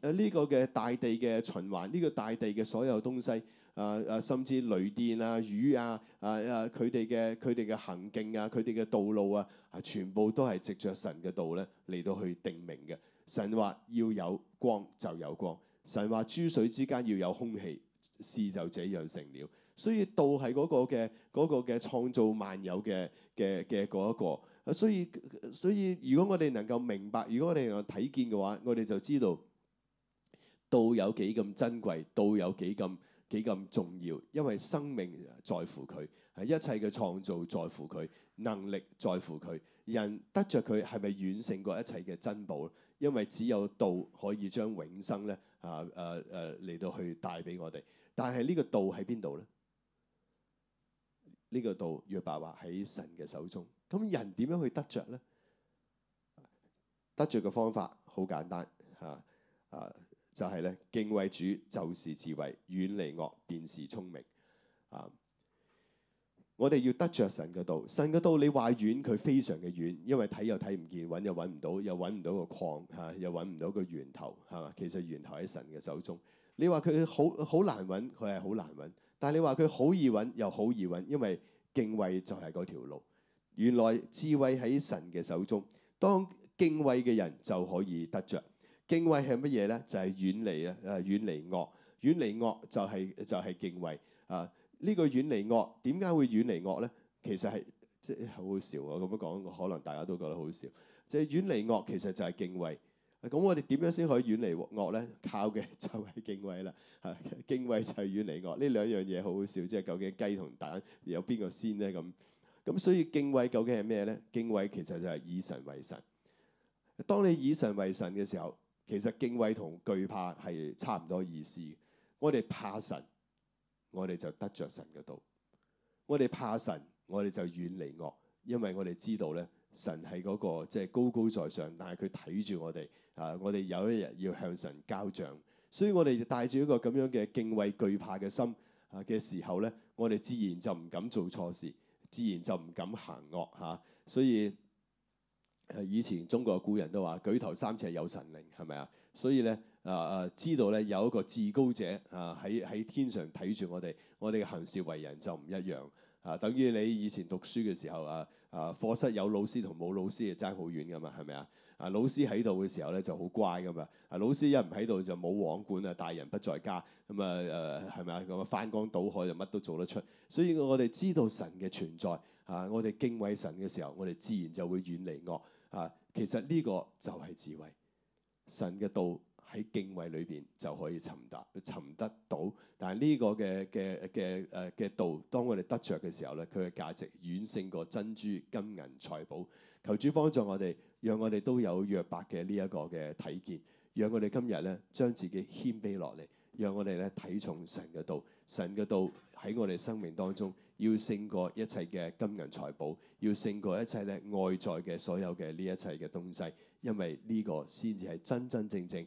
這個嘅大地嘅循環，呢、這個大地嘅所有東西，啊啊，甚至雷電啊、雨啊、啊啊，佢哋嘅佢哋嘅行徑啊、佢哋嘅道路啊，全部都係藉着神嘅道咧嚟到去定明嘅。神話要有光就有光，神話諸水之間要有空氣，事就這樣成了。所以道係嗰個嘅嗰個嘅創、那個、造萬有嘅。嘅嘅嗰一個，所以所以如果我哋能夠明白，如果我哋能夠睇見嘅話，我哋就知道道有幾咁珍貴，道有幾咁幾咁重要，因為生命在乎佢，係一切嘅創造在乎佢，能力在乎佢，人得着佢係咪遠勝過一切嘅珍寶？因為只有道可以將永生咧啊誒誒嚟到去帶俾我哋。但係呢個道喺邊度咧？呢個道，約伯話喺神嘅手中。咁人點樣去得着咧？得着嘅方法好簡單，嚇啊，就係、是、咧敬畏主就是智慧，遠離惡便是聰明。啊，我哋要得着神嘅道，神嘅道你話遠，佢非常嘅遠，因為睇又睇唔見，揾又揾唔到，又揾唔到個礦嚇、啊，又揾唔到個源頭嚇、啊。其實源頭喺神嘅手中。你話佢好好難揾，佢係好難揾。但係你話佢好易揾又好易揾，因為敬畏就係嗰條路。原來智慧喺神嘅手中，當敬畏嘅人就可以得着。敬畏係乜嘢咧？就係遠離啊，遠離惡，遠離惡就係就係敬畏啊。呢個遠離惡點解會遠離惡咧？其實係即係好好笑啊！我咁樣講，可能大家都覺得好笑。就係遠離惡，其實就係敬畏。咁我哋點樣先可以遠離惡咧？靠嘅就係敬畏啦，敬畏就係遠離惡。呢兩樣嘢好好笑，即係究竟雞同蛋有邊個先咧？咁咁所以敬畏究竟係咩咧？敬畏其實就係以神為神。當你以神為神嘅時候，其實敬畏同懼怕係差唔多意思。我哋怕神，我哋就得着神嘅道；我哋怕神，我哋就遠離惡，因為我哋知道咧。神係嗰、那個即係、就是、高高在上，但係佢睇住我哋啊！我哋有一日要向神交賬，所以我哋帶住一個咁樣嘅敬畏、懼怕嘅心啊嘅時候咧，我哋自然就唔敢做錯事，自然就唔敢行惡嚇、啊。所以、啊、以前中國嘅古人都話：舉頭三尺有神靈，係咪啊？所以咧啊啊，知道咧有一個至高者啊喺喺天上睇住我哋，我哋嘅行事為人就唔一樣啊。等於你以前讀書嘅時候啊。啊！課室有老師同冇老師，係爭好遠噶嘛？係咪啊？啊！老師喺度嘅時候咧，就好乖噶嘛。啊！老師一唔喺度就冇王管啊，大人不在家咁啊誒，係咪啊？咁啊翻江倒海就乜都做得出。所以我哋知道神嘅存在啊，我哋敬畏神嘅時候，我哋自然就會遠離惡啊。其實呢個就係智慧，神嘅道。喺敬畏裏邊就可以尋得尋得到，但係呢個嘅嘅嘅誒嘅道，當我哋得着嘅時候咧，佢嘅價值遠勝過珍珠、金銀財寶。求主幫助我哋，讓我哋都有約伯嘅呢一個嘅體見，讓我哋今日咧將自己謙卑落嚟，讓我哋咧睇重神嘅道，神嘅道喺我哋生命當中要勝過一切嘅金銀財寶，要勝過一切咧外在嘅所有嘅呢一切嘅東西，因為呢個先至係真真正正，正。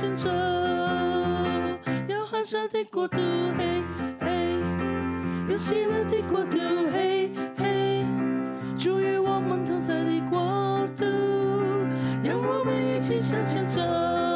向前走，要歡笑的國度，嘿嘿，要喜樂的國度，嘿嘿，屬於我們同在的國度，讓我們一起向前走。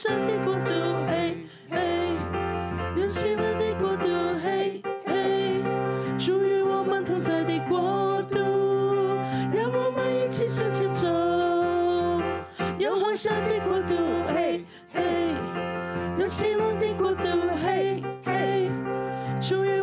上帝國度，嘿嘿，讓希望的國度，嘿嘿，屬於我們同在的國度，讓我們一起向前走，有夢的國度，嘿嘿，讓希望的國度，嘿嘿，屬於。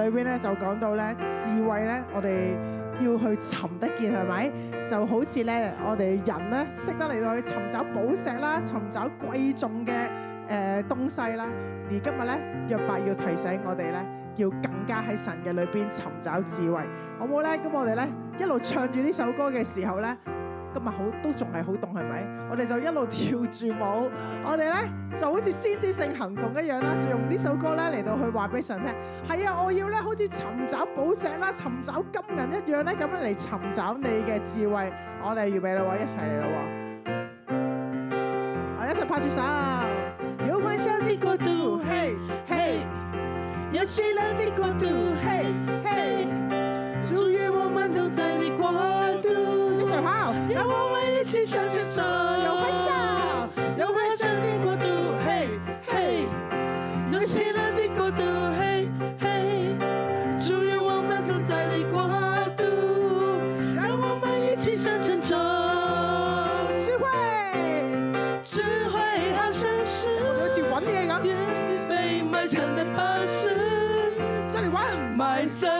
裏邊咧就講到咧智慧咧，我哋要去尋得見係咪？就好似咧我哋人咧識得嚟到去尋找寶石啦，尋找貴重嘅誒東西啦。而今日咧約伯要提醒我哋咧，要更加喺神嘅裏邊尋找智慧。好冇咧？咁我哋咧一路唱住呢首歌嘅時候咧。今日好都仲係好凍係咪？我哋就一路跳住舞，我哋咧就好似先知性行動一樣啦，就用呢首歌咧嚟到去話俾神聽。係啊，我要咧好似尋找寶石啦、尋找金銀一樣咧咁樣嚟尋找你嘅智慧。我哋預備啦喎，一齊嚟啦喎！我哋一齊拍住手，有幻想啲國度，嘿，嘿，有希望的國度，嘿，嘿，終於我們都在你國，讓我們一起向前走，要歡笑，要歡笑的國度，嘿嘿，要快樂的國度，嘿嘿，嘿祝願我們都在你國度。讓我們一起向前走，智慧、啊，智慧好像是被埋藏的寶石。我要去玩呢，我哋去玩埋真。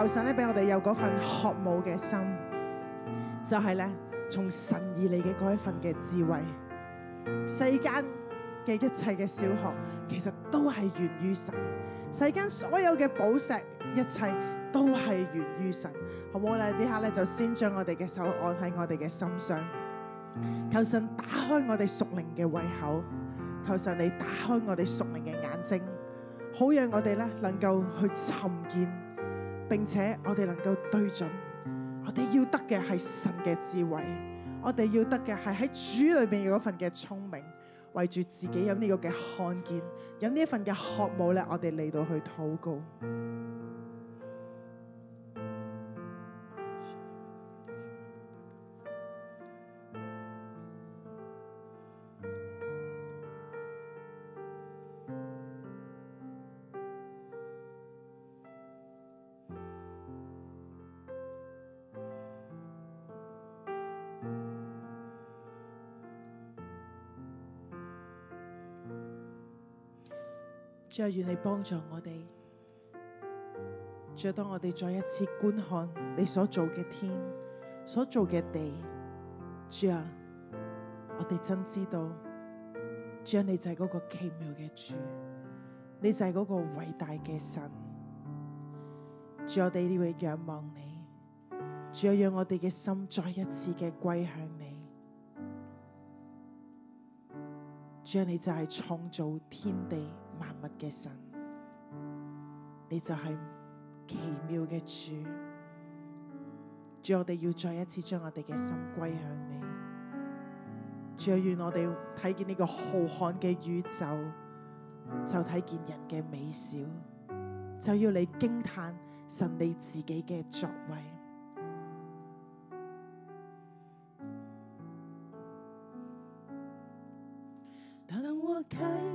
求神咧，俾我哋有嗰份渴慕嘅心，就係咧從神而嚟嘅嗰一份嘅智慧。世間嘅一切嘅小學，其實都係源於神；世間所有嘅寶石，一切都係源於神。好唔好咧？呢刻咧就先將我哋嘅手按喺我哋嘅心上，求神打開我哋屬靈嘅胃口，求神你打開我哋屬靈嘅眼睛，好讓我哋咧能夠去尋見。並且我哋能夠對準，我哋要得嘅係神嘅智慧，我哋要得嘅係喺主裏面嘅嗰份嘅聰明，為住自己有呢個嘅看見，有呢份嘅渴慕咧，我哋嚟到去禱告。主啊，願你幫助我哋。主啊，當我哋再一次觀看你所做嘅天、所做嘅地，主啊，我哋真知道，主啊，你就係嗰個奇妙嘅主，你就係嗰個偉大嘅神。主啊，我哋呢要仰望你。主啊，讓我哋嘅心再一次嘅歸向你。主啊，你就係創造天地。萬物嘅神，你就係奇妙嘅主。主，我哋要再一次將我哋嘅心歸向你。主，願我哋睇見呢個浩瀚嘅宇宙，就睇見人嘅微小，就要你驚嘆神你自己嘅作為。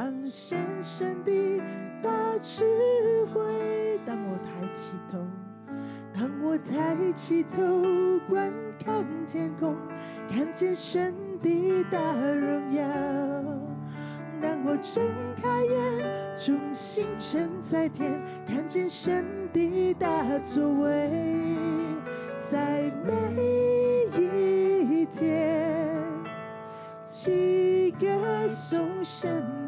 當神聖的大智慧，當我抬起頭，當我抬起頭觀看天空，看見神的大榮耀。當我睜開眼，眾星辰在天，看見神的大作為，在每一天，起歌頌神。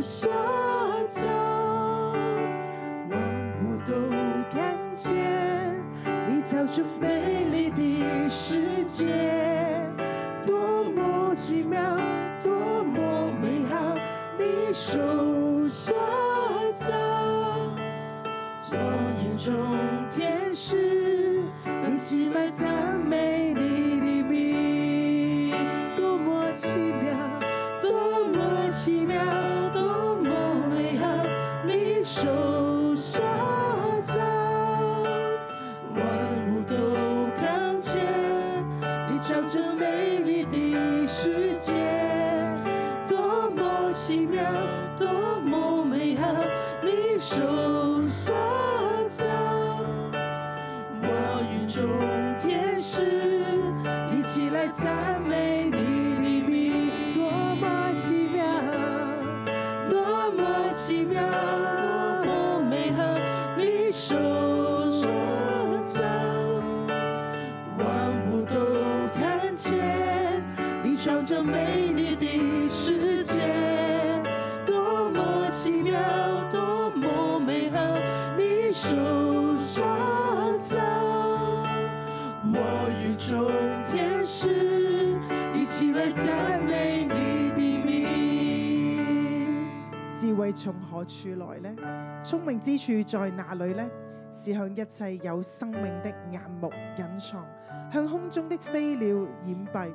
我所造，萬物都看見，你造出美麗的世界，多麼奇妙，多麼美好。你手所造，我眼中天使，你幾百丈。從何處來呢？聰明之處在哪裏呢？是向一切有生命的眼目隱藏，向空中的飛鳥掩蔽，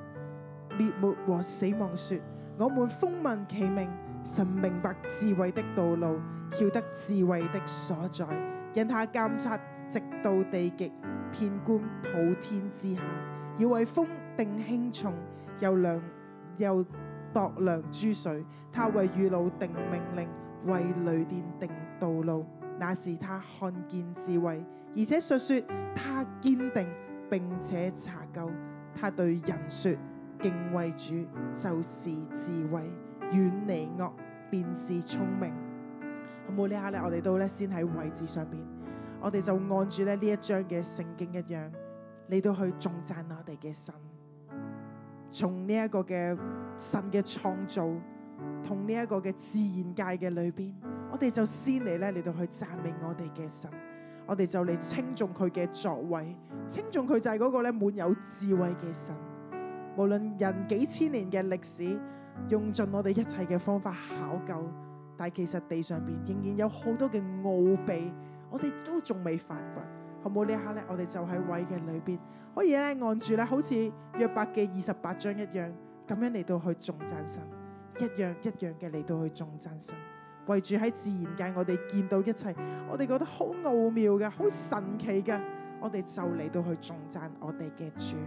滅沒和死亡說：我們風聞其名，神明白智慧的道路，曉得智慧的所在，因他監察直到地極，遍觀普天之下，要為風定輕重，又量又度量諸水，他為雨露定命令。為雷電定道路，那時他看見智慧，而且述說他堅定並且查究。他對人說：敬畏主就是智慧，遠離惡便是聰明。好冇呢下咧，我哋都咧先喺位置上邊，我哋就按住咧呢一章嘅聖經一樣你都去重讚我哋嘅神，從呢一個嘅神嘅創造。同呢一個嘅自然界嘅裏邊，我哋就先嚟咧嚟到去讚美我哋嘅神，我哋就嚟稱頌佢嘅作為，稱頌佢就係嗰個咧滿有智慧嘅神。無論人幾千年嘅歷史，用盡我哋一切嘅方法考究，但係其實地上邊仍然有好多嘅奧祕，我哋都仲未發掘，好冇呢下咧？我哋就喺位嘅裏邊，可以咧按住咧，好似約伯嘅二十八章一樣，咁樣嚟到去頌讚神。一樣一樣嘅嚟到去頌讚神，圍住喺自然界，我哋見到一切，我哋覺得好奧妙嘅，好神奇嘅，我哋就嚟到去頌讚我哋嘅主，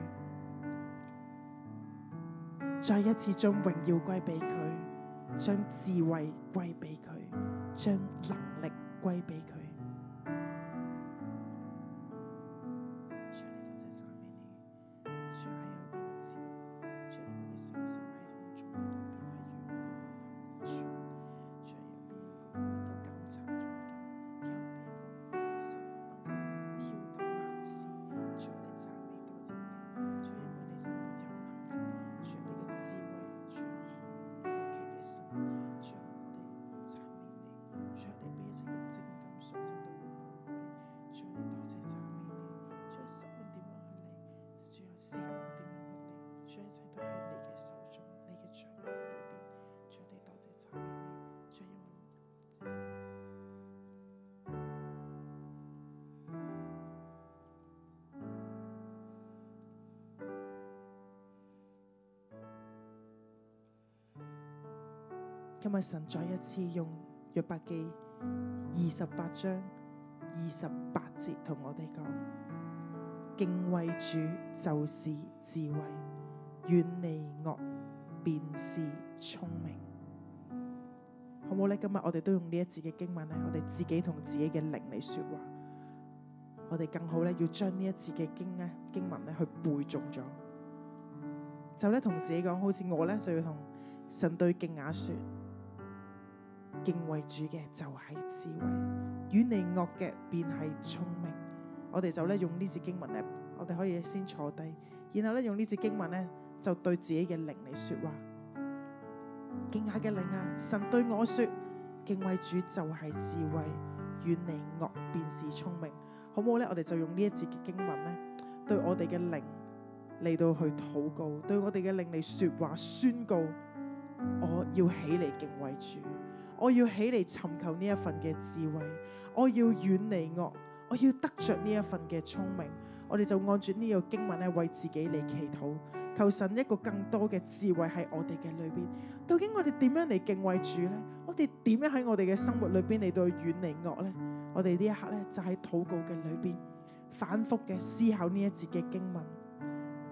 再一次將榮耀歸俾佢，將智慧歸俾佢，將能力歸俾佢。今日神再一次用約伯記二十八章二十八節同我哋講：敬畏主就是智慧，遠離惡便是聰明。好唔好咧？今日我哋都用呢一節嘅經文咧，我哋自己同自己嘅靈嚟說話。我哋更好咧，要將呢一節嘅經咧經文咧去背誦咗。就咧同自己講，好似我咧就要同神對敬雅說。敬畏主嘅就係智慧，遠離惡嘅便係聰明。我哋就咧用呢節經文咧，我哋可以先坐低，然後咧用呢節經文咧就對自己嘅靈嚟說話。敬下嘅靈啊，神對我說：敬畏主就係智慧，遠離惡便是聰明。好唔好咧？我哋就用呢一節嘅經文咧，對我哋嘅靈嚟到去禱告，對我哋嘅靈嚟說話宣告：我要起嚟敬畏主。我要起嚟尋求呢一份嘅智慧，我要遠離惡，我要得着呢一份嘅聰明。我哋就按住呢個經文咧，為自己嚟祈禱，求神一個更多嘅智慧喺我哋嘅裏邊。究竟我哋點樣嚟敬畏主呢？我哋點樣喺我哋嘅生活裏邊嚟到遠離惡呢？我哋呢一刻咧就喺禱告嘅裏邊，反覆嘅思考呢一節嘅經文，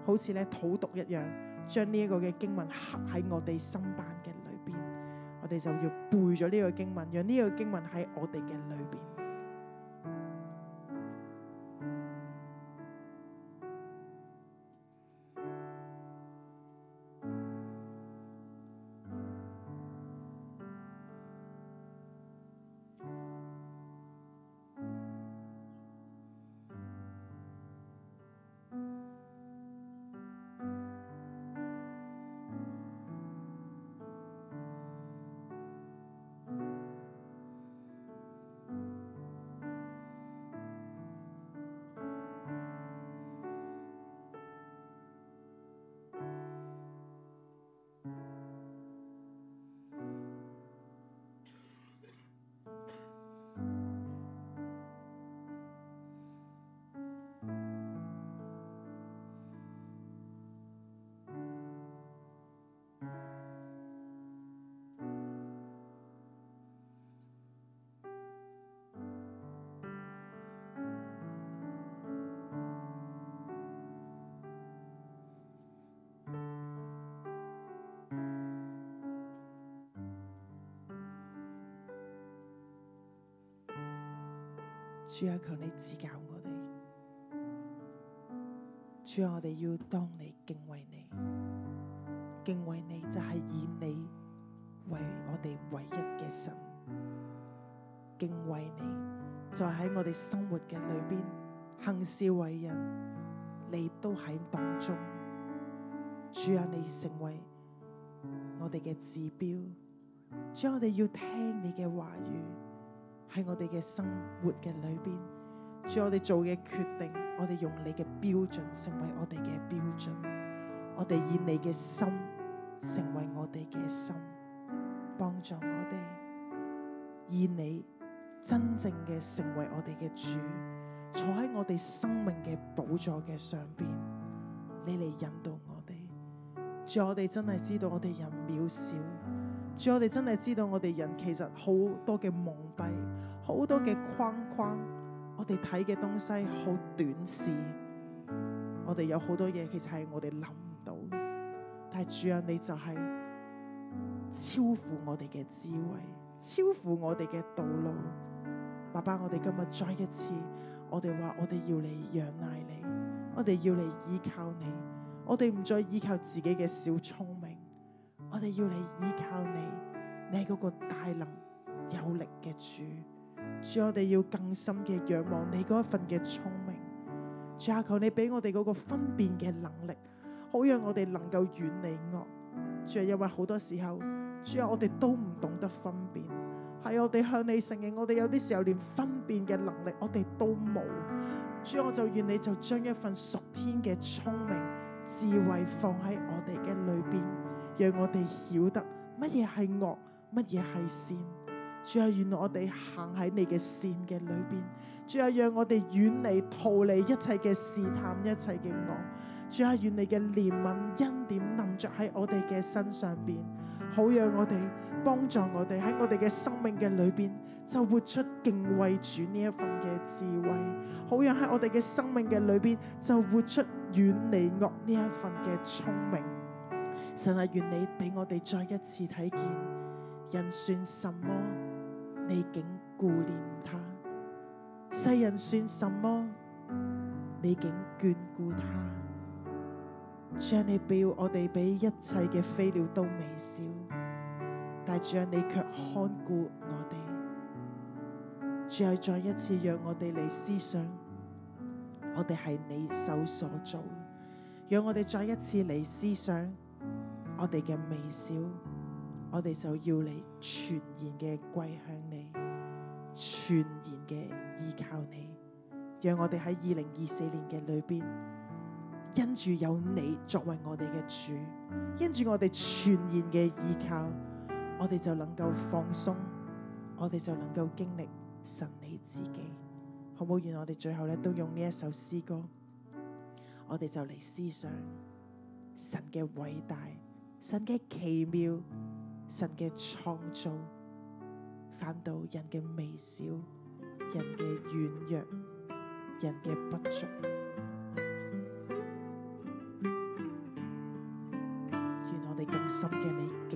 好似咧禱讀一樣，將呢一個嘅經文刻喺我哋心版嘅。我哋就要背咗呢個經文，讓呢個經文喺我哋嘅裏邊。主阿，求你指教我哋，主阿，我哋要當你敬畏你，敬畏你就係以你為我哋唯一嘅神，敬畏你就喺我哋生活嘅裏邊行事為人，你都喺當中，主阿，你成為我哋嘅指標，主阿，我哋要聽你嘅話語。喺我哋嘅生活嘅裏邊，主，我哋做嘅決定，我哋用你嘅標準成為我哋嘅標準，我哋以你嘅心成為我哋嘅心，幫助我哋以你真正嘅成為我哋嘅主，坐喺我哋生命嘅寶座嘅上邊，你嚟引導我哋，主，我哋真係知道我哋人渺小，主，我哋真係知道我哋人其實好多嘅夢。好多嘅框框，我哋睇嘅東西好短視，我哋有好多嘢其實係我哋諗唔到，但係主啊，你就係超乎我哋嘅智慧，超乎我哋嘅道路。爸爸，我哋今日再一次，我哋話我哋要嚟仰賴你，我哋要嚟依靠你，我哋唔再依靠自己嘅小聰明，我哋要嚟依靠你，你係嗰個大能有力嘅主。主，我哋要更深嘅仰望你嗰一份嘅聰明，主啊，求你俾我哋嗰個分辨嘅能力，好讓我哋能夠遠離惡。主係因為好多時候，主啊，我哋都唔懂得分辨，係我哋向你承認，我哋有啲時候連分辨嘅能力我哋都冇。主，我就願你就將一份屬天嘅聰明智慧放喺我哋嘅裏邊，讓我哋曉得乜嘢係惡，乜嘢係善。主啊，願我哋行喺你嘅線嘅裏邊；主啊，讓我哋遠離、逃離一切嘅試探、一切嘅惡；主啊，願你嘅憐憫、恩典臨着喺我哋嘅身上邊，好讓我哋幫助我哋喺我哋嘅生命嘅裏邊就活出敬畏主呢一份嘅智慧；好讓喺我哋嘅生命嘅裏邊就活出遠離惡呢一份嘅聰明。神啊，願你俾我哋再一次睇見人算什麼。你竟顧念他，世人算什麼？你竟眷顧他。將你表我哋比一切嘅飛鳥都微小，但主啊，你卻看顧我哋。主啊，再一次讓我哋嚟思想，我哋係你手所做。讓我哋再一次嚟思想我哋嘅微小。我哋就要嚟全然嘅歸向你，全然嘅依靠你，讓我哋喺二零二四年嘅裏邊，因住有你作為我哋嘅主，因住我哋全然嘅依靠，我哋就能夠放鬆，我哋就能夠經歷神你自己，好唔好？願我哋最後咧都用呢一首詩歌，我哋就嚟思想神嘅偉大，神嘅奇妙。神嘅創造，反倒人嘅微小，人嘅軟弱，人嘅不足。願我哋更深嘅理解。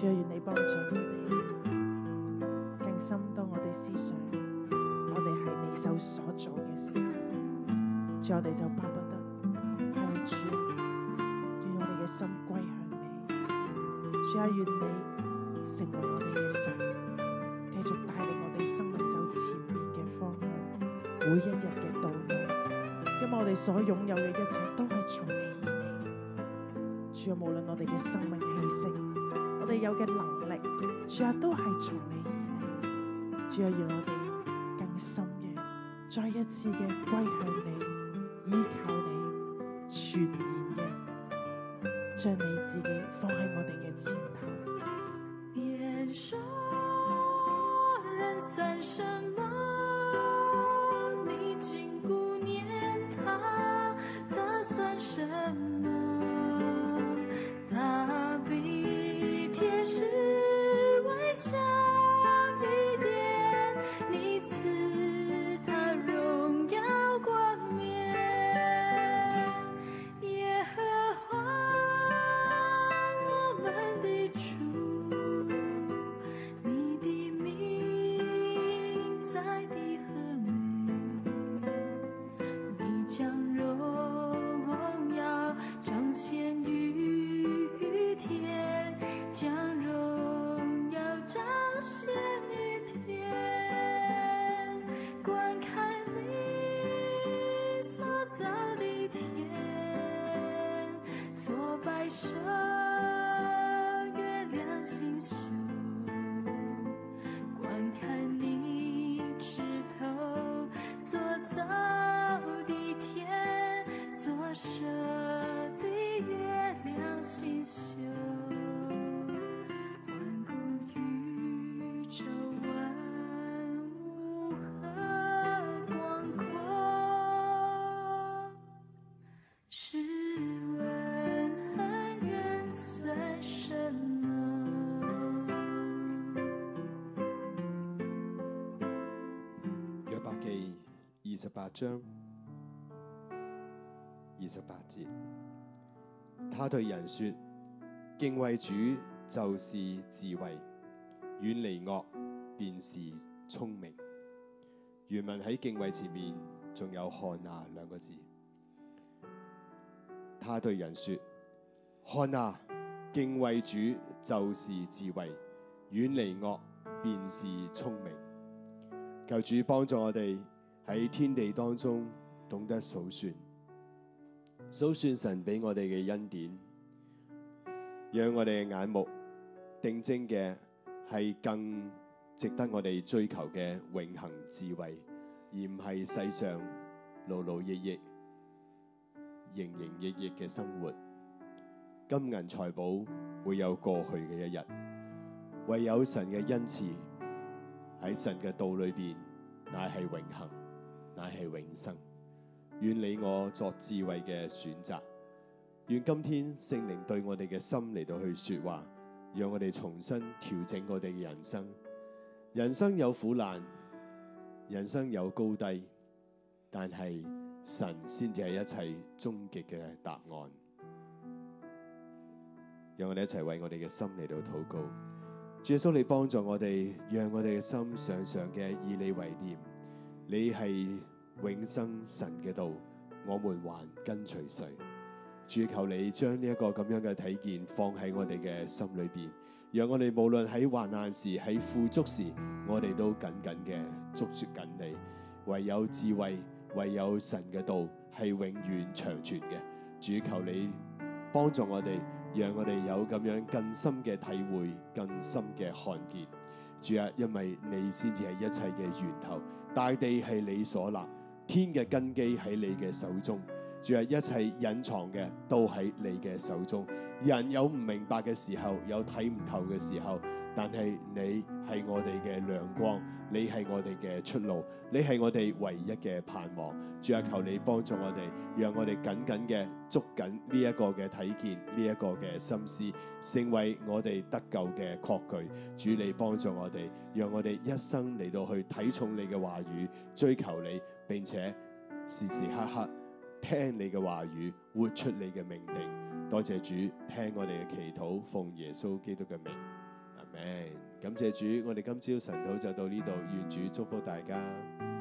主啊，願你幫助我哋，更深當我哋思想，我哋係未受所做嘅時候，主啊，我哋就巴不，不得係主啊，願我哋嘅心歸向你。主啊，願你成為我哋嘅神，繼續帶領我哋生命走前面嘅方向，每一日嘅道路，因為我哋所擁有嘅一切都係從你而嚟。主啊，無論我哋嘅生命氣息。有嘅能力，最後都係從你而嚟。最後願我哋更深嘅，再一次嘅歸向你。二十八章二十八節，他對人說：敬畏主就是智慧，遠離惡便是聰明。原文喺敬畏前面仲有看啊兩個字。他對人說：看啊，敬畏主就是智慧，遠離惡便是聰明。求主幫助我哋。喺天地當中懂得數算，數算神俾我哋嘅恩典，讓我哋嘅眼目定睛嘅係更值得我哋追求嘅永恒智慧，而唔係世上勞勞役役，營營役役嘅生活。金銀財寶會有過去嘅一日，唯有神嘅恩賜喺神嘅道裏面乃係永恆。乃係永生，願你我作智慧嘅選擇。願今天聖靈對我哋嘅心嚟到去說話，讓我哋重新調整我哋嘅人生。人生有苦難，人生有高低，但係神先至係一切終極嘅答案。讓我哋一齊為我哋嘅心嚟到禱告。主耶穌，你幫助我哋，讓我哋嘅心常常嘅以你為念。你係永生神嘅道，我們還跟隨誰？主求你將呢一個咁樣嘅睇見放喺我哋嘅心裏邊，讓我哋無論喺患難時、喺富足時，我哋都緊緊嘅捉住緊你。唯有智慧，唯有神嘅道係永遠長存嘅。主求你幫助我哋，讓我哋有咁樣更深嘅體會、更深嘅看見。主啊，因為你先至係一切嘅源頭，大地係你所立，天嘅根基喺你嘅手中。主啊，一切隱藏嘅都喺你嘅手中，人有唔明白嘅時候，有睇唔透嘅時候，但係你係我哋嘅亮光，你係我哋嘅出路，你係我哋唯一嘅盼望。主啊，求你幫助我哋，讓我哋緊緊嘅捉緊呢一個嘅睇見，呢一個嘅心思，成為我哋得救嘅確據。主，你幫助我哋，讓我哋一生嚟到去睇重你嘅話語，追求你，並且時時刻刻聽你嘅話語，活出你嘅命定。多謝主，聽我哋嘅祈禱，奉耶穌基督嘅名。阿門。感謝主，我哋今朝晨禱就到呢度，願主祝福大家。